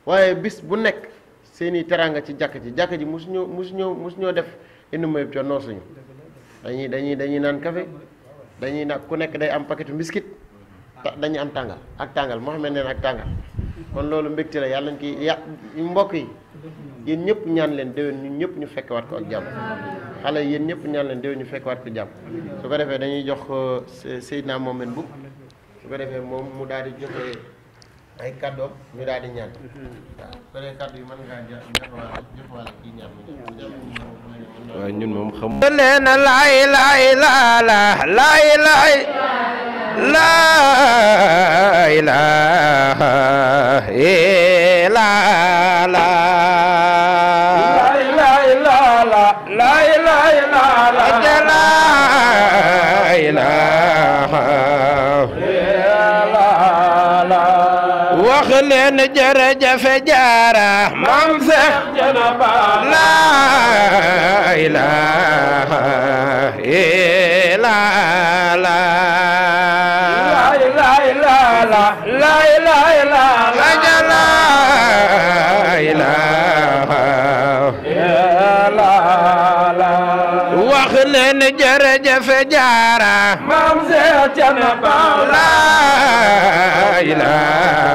waaye bis bu nekk seeni teraanga ci jàkk ji jàkk ji musu ñoo musu ñoo musu ñoo def indi mayëb co noor dañuy dañuy dañuy naan kafe dañuy nag ku nekk day am mbiskit biscuit dañuy am tàngal ak tàngal moo xam ne neen ak tàngal kon loolu mbégte la yàlla nañ ki yà ñu mbokk yi yéen ñëpp ñaan leen déwén ñu ñëpp ñu fekkewaat ko ak jàmm xale yéen ñëpp ñaan leen déwén ñu fekk waat ko jàmm su ko defee dañuy jox euh, Seydina Mohamed bu su ko defee moom mu daal di joxe ay kàddoom ñu daal di ñaan waaw su dee kàddu yi mën ngaa joxwaale joxwaale kii ñaan
waaw ñun moom xam nee na laay laay laa laay laay laay
laay laa laa laay laay laa laa
leen jërëjëfe jaara maam Seex
Janaba
laa
ilaaha
jërëjëf jaara maam Seex Janaba
laa ilaaha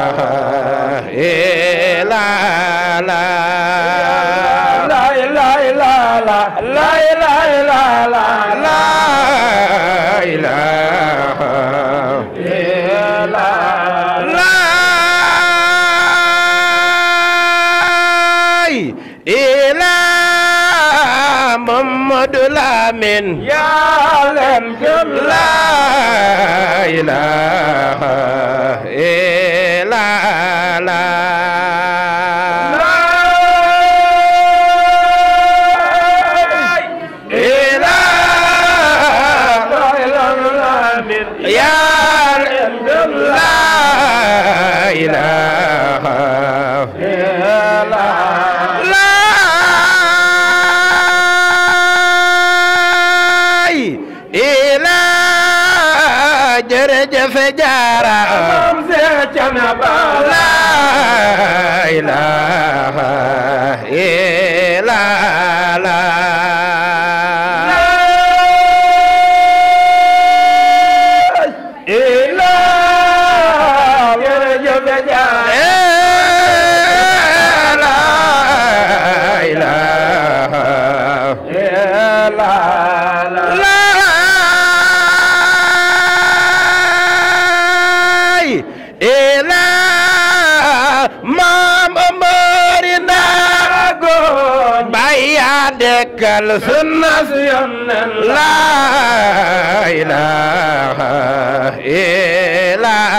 من يا لم لا إله إلا jaara am se canaba la ilaha وتوكل سنة لا
إله إلا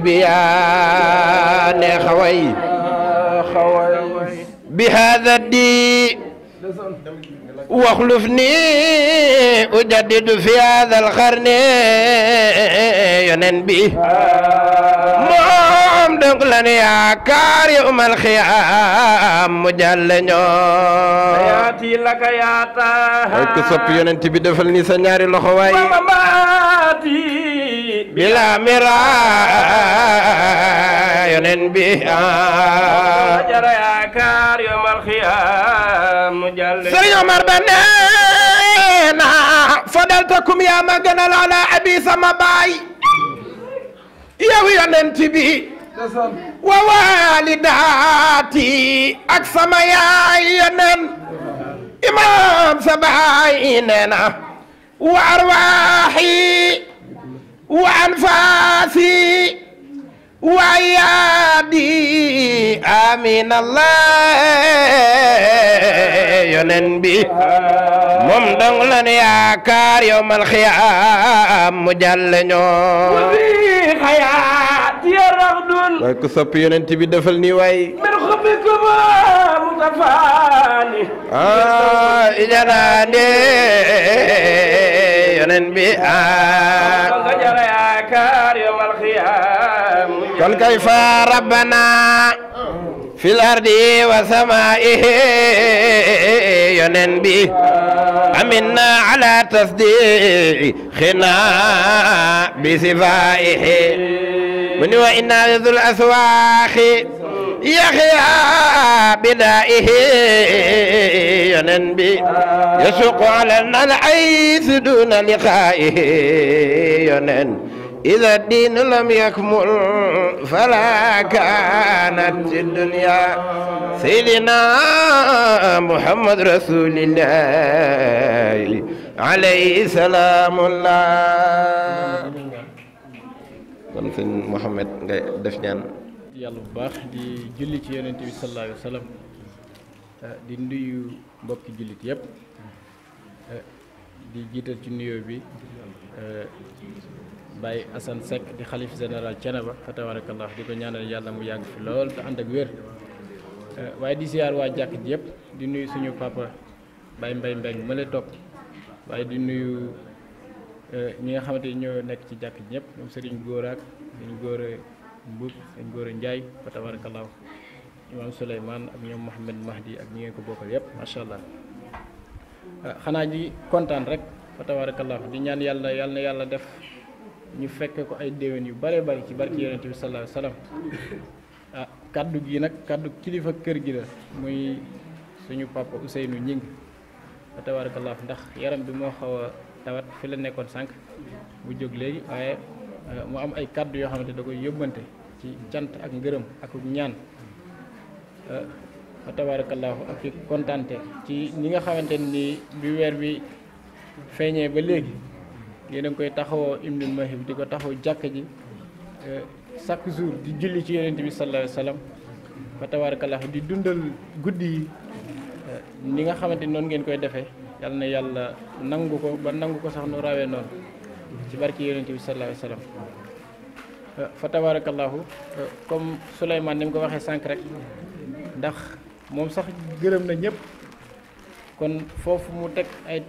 bi yaa neex a way bi hada di waxluf ni ujaddidu fi hada alxarni yonen bi moom donc lan yaakaar yawmal xiyaam mu jàll ñoo laka yaata ay ko sopp yonent bi defal ni sa ñaari loxo waay bila mira yonen bi jara yaakaar yomal xiyaam mu jàll Sëriñ Omar ba nee na fadaltakum yaa ma gënal ala abi sama baay yow yonent bi wa waalidaati ak sama yaay yonen imaam sa baay nee na wa arwaaxi وأنفاسي وأيادي آمين الله ينن بي moom dong lan yaakaar yowmal xiyaam mu jàll ñoo wasi xayaat ya raxdul waaye ku sopp yonent bi defal nii waay min xubikuma mutafaani ah ijanaa yonen bi ah kon kay fa rabbana fil ardi wa samaa'i yonen bi aminna ala tasdiqina bi sifaa'ihi mu ni wa inna lidul aswaaxi يحيى بدائه ينبي يسوق على العيث دون لقائه ينن إذا الدين لم يكمل فلا كانت الدنيا سيدنا محمد رسول الله عليه سلام الله kon sëñ Mouhamed nga def ñaan
yàlla bu baax di julli ci yonent bi sallallahu alayhi wa sallam eh, di jullit yëpp eh, di jiital ci nuyoo bi eh, Baye Assane Seck di xalif général Thiénaba fa tabarakallah di ko ñaanal yàlla mu yàgg fi lool te ànd ak wér waaye di siyaar waa jàkk ji yëpp di nuyu suñu papa Baye Mbaye Mbeng ma la topp waaye di nuyu ñi nga xamante ñoo nekk ci jàkk ji ñëpp ñoom Serigne Góor ak Serigne Góor Mbuub sëñ Góora Ndiaye fa tabarakallahu imaam Souleymane ak ñoom Mouhamed Mahdi ak ñi ngeen ko bokkal yépp macha allah ah, xanaa ji kontaan rek fa tabarakallahu di ñaan yàlla yàlla na yàlla def ñu fekke ko ay déwén yu bare bari ci barki yonente bi sallallahu alayhi wasallam ah kaddu gi nag kàddu kilifa kër gi la muy suñu papa Ousseynou Ñing fa ndax yaram bi moo xaw a tawat fi la nekkoon sànq mu jóg léegi waaye Euh, mu am ay kàddu yoo xamante da koy yóbbante ci cant ak ngërëm ak ñaan euh, fa tabaarakallaahu ak ci kontante ci ñi nga xamante ni bi weer bi feeñee ba léegi yéen a ngi koy taxawoo Ibnul Mouhib di ko taxaw jàkk ji euh, chaque jour di julli ci yonent bi sallallaahu alayhi wa sallam di dundal guddi yi ni nga xamante ni noonu ngeen koy defee yal na yàlla nangu ko ba nangu ko sax nu rawee noonu ci barki yonent bi sallallahu alayhi wa sallam fa tabarakallahu comme Souleymane ni mu ko waxee sànq rek ndax moom sax gërëm na ñëpp kon foofu mu teg ay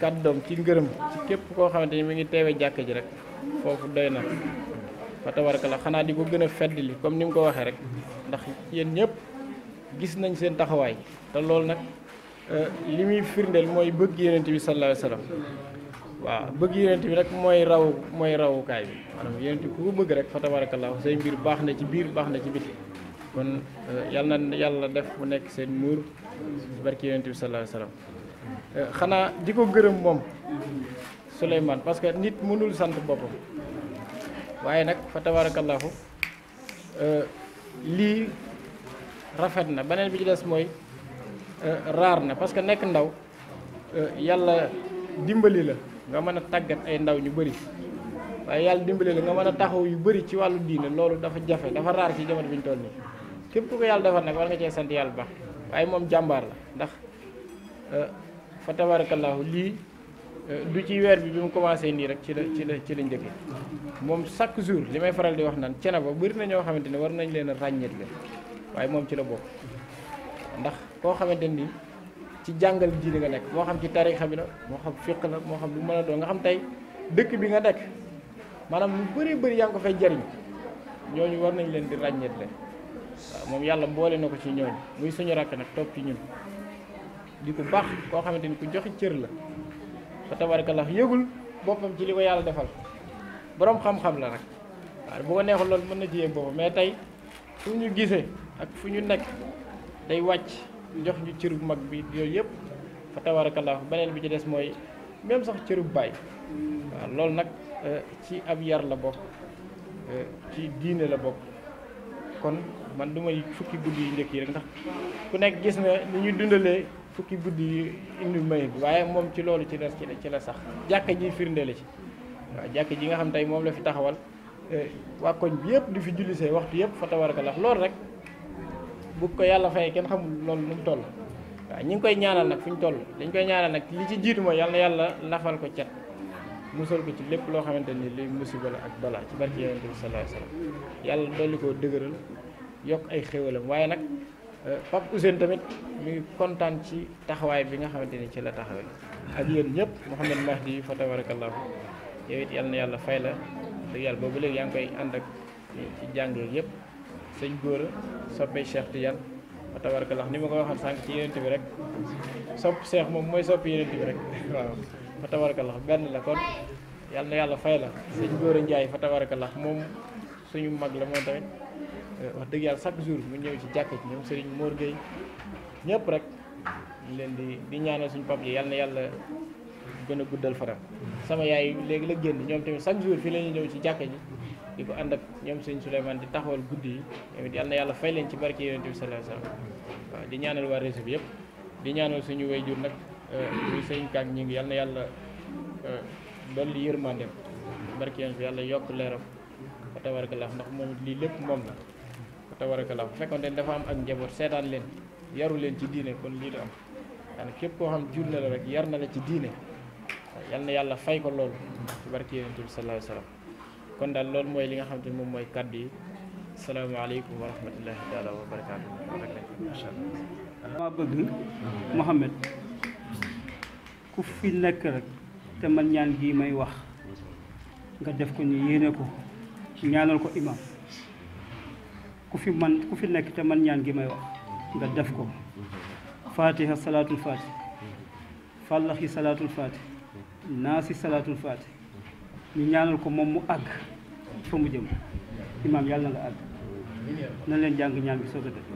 kàddoom ci ngërëm ci képp koo xamante ni mu ngi teewee jàkk ji rek foofu doy na fa tabarakallahu xanaa di ko gën a feddali comme ni mu ko waxee rek ndax yéen ñëpp gis nañ seen taxawaay te loolu nag li muy firndeel mooy bëgg yonent bi sallallahu alayhi waaw bëgg yonent bi rek mooy raw mooy rawukaay bi maanaam yonent bi ku ko bëgg rek fa tabarakallah say mbir baax na ci biir baax na ci biti kon euh, yàlla na yàlla def mu nekk seen muur barki yonent bi sallallahu alayhi euh, xanaa di ko gërëm moom Souleymane parce que nit mënul sant boppam waaye nag fa tabarakallahu euh, lii rafet na beneen bi ci des mooy raar na parce que nekk ndaw yàlla dimbali la nga mën a tàggat ay ndaw ñu bëri waaye yàlla dimbale la nga mën a taxaw yu bëri ci wàllu diine loolu dafa jafe dafa raar ci jamono bi ñu toll nii képp ku ko yàlla defar nag war nga cee sant yàlla bu baax waaye moom jàmbaar la ndax euh, fa tabarakallahu lii euh, du ci weer bi bi mu commencé nii rek ci la ci la ci la njëkke moom chaque jour li may faral di wax naan cene bari bëri na ñoo xamante ne war nañ leen a la waaye moom ci la bokk ndax koo xamante ni ci jàngal diine nga nekk moo xam ci tarixa bi la moo xam fiq la moo xam lu mën a doon nga xam tey dëkk bi nga nekk maanaam lu bëree bëri yaa ngi ko fay jariñ ñooñu war nañ leen di ràññeet le waaw moom yàlla mboole na ko ci ñooñu muy suñu rakk nag topp ci ñun di ku baax koo xamante ni ku joxe cër la fa tabarakallah yëgul boppam ci li ko yàlla defal boroom xam-xam la nag waaw bu ko neexul loolu mën na ci yëg boppam mais tey fu ñu gisee ak fu ñu nekk day wàcc jox ñu cër bu mag bi yooyu yëpp fa tabaarakallaahu beneen bi ci des mooy même sax cër bu baay waaw loolu nag euh, ci ab yar la bokk euh, ci diine la bokk kon man du may fukki guddi yu njëkk yi rek ndax ku nekk gis na ni ñu dundalee fukki guddi yu indi may bi waaye moom ci loolu ci des ci la sax jàkka ji firnde la ci waaw jàkka ji nga xam tey moom la fi taxawal euh, waa koñ bi yëpp di fi jullisee waxtu yëpp fa tabaarakallaahu loolu rek bu ko yàlla fayee kenn xamul loolu nu mu toll waaw ñi ngi koy ñaanal nag fu ñu toll dañ koy ñaanal nag li ci jiitu mooy yàlla na yàlla lafal ko cet musal ko ci lépp loo xamante ni luy musiba la ak bala ci barke yonente bi sallallahu alayhi wasallam yàlla koo dëgëral yokk ay xéwalam waaye nag euh, Pape tamit mi kontaan ci taxawaay bi nga xamante ni ci la taxawee ak yéen ñëpp Mouhamed Mahdi fa tabarakallahu yow it yàlla na yàlla fay la dëgg yàlla boobu léegi yaa ngi koy ànd ak ci jàng yëpp sëñ góor a soppee Cheikh Tidiane wa tabarkallah ni ma ko waxoon sànq ci yeneen bi rek sopp Cheikh moom mooy soppi yeneen bi rek <laughs> waaw wa tabarkallah benn la kon yàlla na yàlla fay la sëñ góor a Ndiaye fa tabarkallah moom suñu mag la moom tamit eh, wax dëgg yàlla chaque jour mu ñëw ci jàkk ci ñoom Serigne Mor géey ñëpp rek ñu leen di di ñaanal suñu pap yi yàlla na yàlla gën a guddal faram sama yaay léegi la génn ñoom tamit chaque jour fii la ñuy ñëw ci jàkk ji di ko ànd ak ñoom sëñ Souleymane di taxawal guddi yi ñoom it yal na yàlla fay leen ci barke yonent bi di ñaanal waa réseau bi yëpp di ñaanal suñu wayjur nag euh, muy sëñ na yàlla euh, dolli yërmandeem barke yonent bi yàlla yokk leeram fa tabarakallah ndax moom lii lépp la fa tabarakallah bu fekkoon ne dafa am ak njaboot seetaan leen yaru leen ci diine kon lii du am daanaka képp koo xam jur na la rek yar na la ci diine yal yàlla fay ko loolu ci barke yonent bi sallallahu alayhi kon daal loolu mooy li nga xamante ne moom mooy kàddu yi salaamaaleykum wa rahmatullahi taala wa barakaatu
maa bëgg Mouhamed ku fi nekk rek te man ñaan gii may wax nga def ko ñu yéene ko ñaanal ko imam ku fi man ku fi nekk te man ñaan gi may wax nga def ko fatiha salaatul fatih fallaxi salaatul fatih naasi salaatul fatih ñu ñaanal ko moom mu àgg fa mu jëm imaam yàlla na nga àgg nan leen jàng ñaan bi soog a def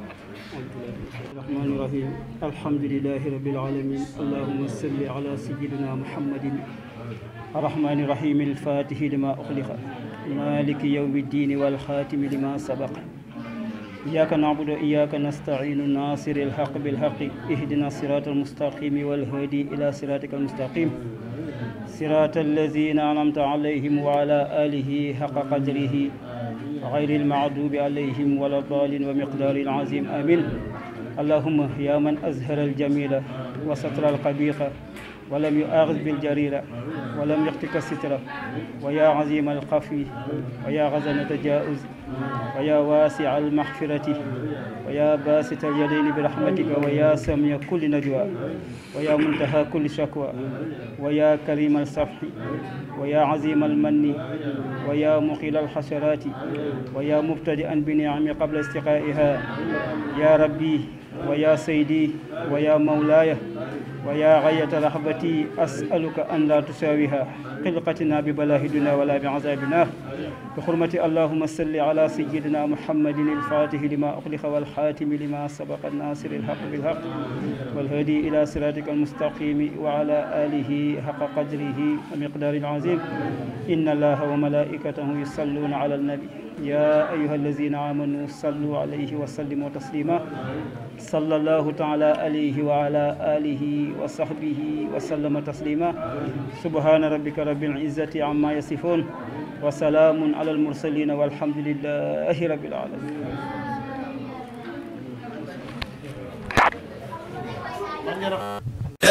rahmaani rahim alhamdulilahi rabbil alamin allahuma salli ala sayidina muhammadin arrahmaani rahim alfatihi lima uxliqa maliki yawmi ddiini walxaatimi lima sabaqa iyaaka naabudu wa iyaaka nastaciinu naasiri alxaq bilxaqi ihdina siraat almustaqimi walhaadi ila siraatika almustaqim صراط الذين أنعمت عليهم وعلى آله حق قدره غير المعذوب عليهم ولا الضالين ومقدار العظيم آمين اللهم يا من أزهر الجميل وستر القبيح ولم يؤاخذ بالجريرة ولم يختك السترة ويا عظيم القفي ويا غزل التجاوز ويا واسع المغفرة ويا باسط اليدين برحمتك ويا سميع كل نجوى ويا منتهى كل شكوى ويا كريم الصفح ويا عظيم المن ويا مقيل الحسرات ويا مبتدئا بنعم قبل استقائها يا ربي ويا سيدي ويا مولاي ويا غاية رحبتي أسألك أن لا تساويها قلقتنا ببلاهدنا ولا بعذابنا بحرمة اللهم صل على سيدنا محمد الفاتح لما أغلق والحاتم لما سبق الناصر الحق بالحق والهادي إلى صراطك المستقيم وعلى آله حق قدره ومقدار العظيم إن الله وملائكته يصلون على النبي يا أيها الذين آمنوا صلوا عليه وسلموا تسليما صلى الله تعالى عليه وعلى آله وصحبه وسلم تسليما سبحان ربك رب العزة عما يصفون وسلام وسلام على المرسلين والحمد لله رب العالمين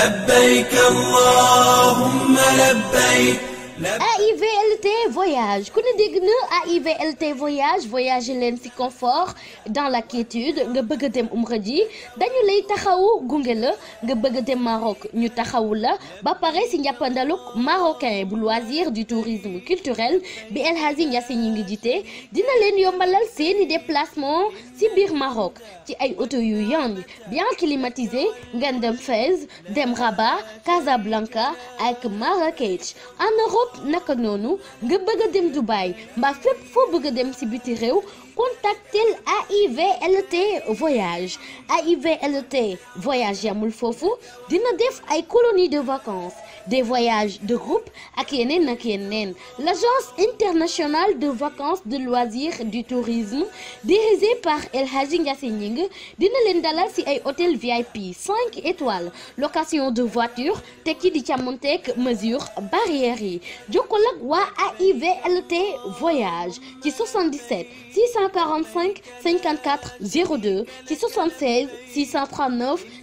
لبيك اللهم لبيك
AIVLT voyage ku ne dégg na AIVLT voyage voyager leen si confort dans la quiétude nga bëgg a dem umra ji dañu lay taxawu gunge la nga bëgg a dem Maroc ñu taxawu la ba pare ci njàppandaluk marocain bu loisir du tourisme culturel bi El Hadji Niassé ñi ngi jiite dina leen yombalal seeni déplacement si biir Maroc ci ay auto yu yomb bien climatisé ngeen dem Fès dem raba Casablanca ak Marrakech en Europe Europe naka noonu nga bëgg a dem Dubaï mbaa fépp foo bëgg a dem si biti réew contactel AIVLT voyage AIVLT voyage yamul foofu dina def ay colonie de vacances des voyages de groupe ak yeneen ak yeneen l'agence internationale de vacances de loisirs du tourisme dirigée par El Hadji Ndiassé Gningue dina leen dalal ci ay hôtel VIP 5 étoiles location de voiture tekki di càmmonteeg mesure barrières yi jokkal ak waa AIVLT voyage ci 77 645 54 02 ci 76 639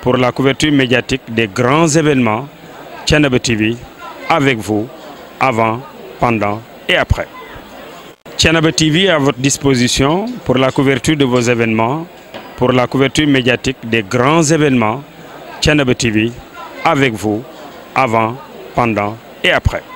pour la couverture médiatique des grands événements Thiénaba TV avec vous avant, pendant et après. Thiénaba TV est à votre disposition pour la couverture de vos événements, pour la couverture médiatique des grands événements Thiénaba TV avec vous avant, pendant
et après.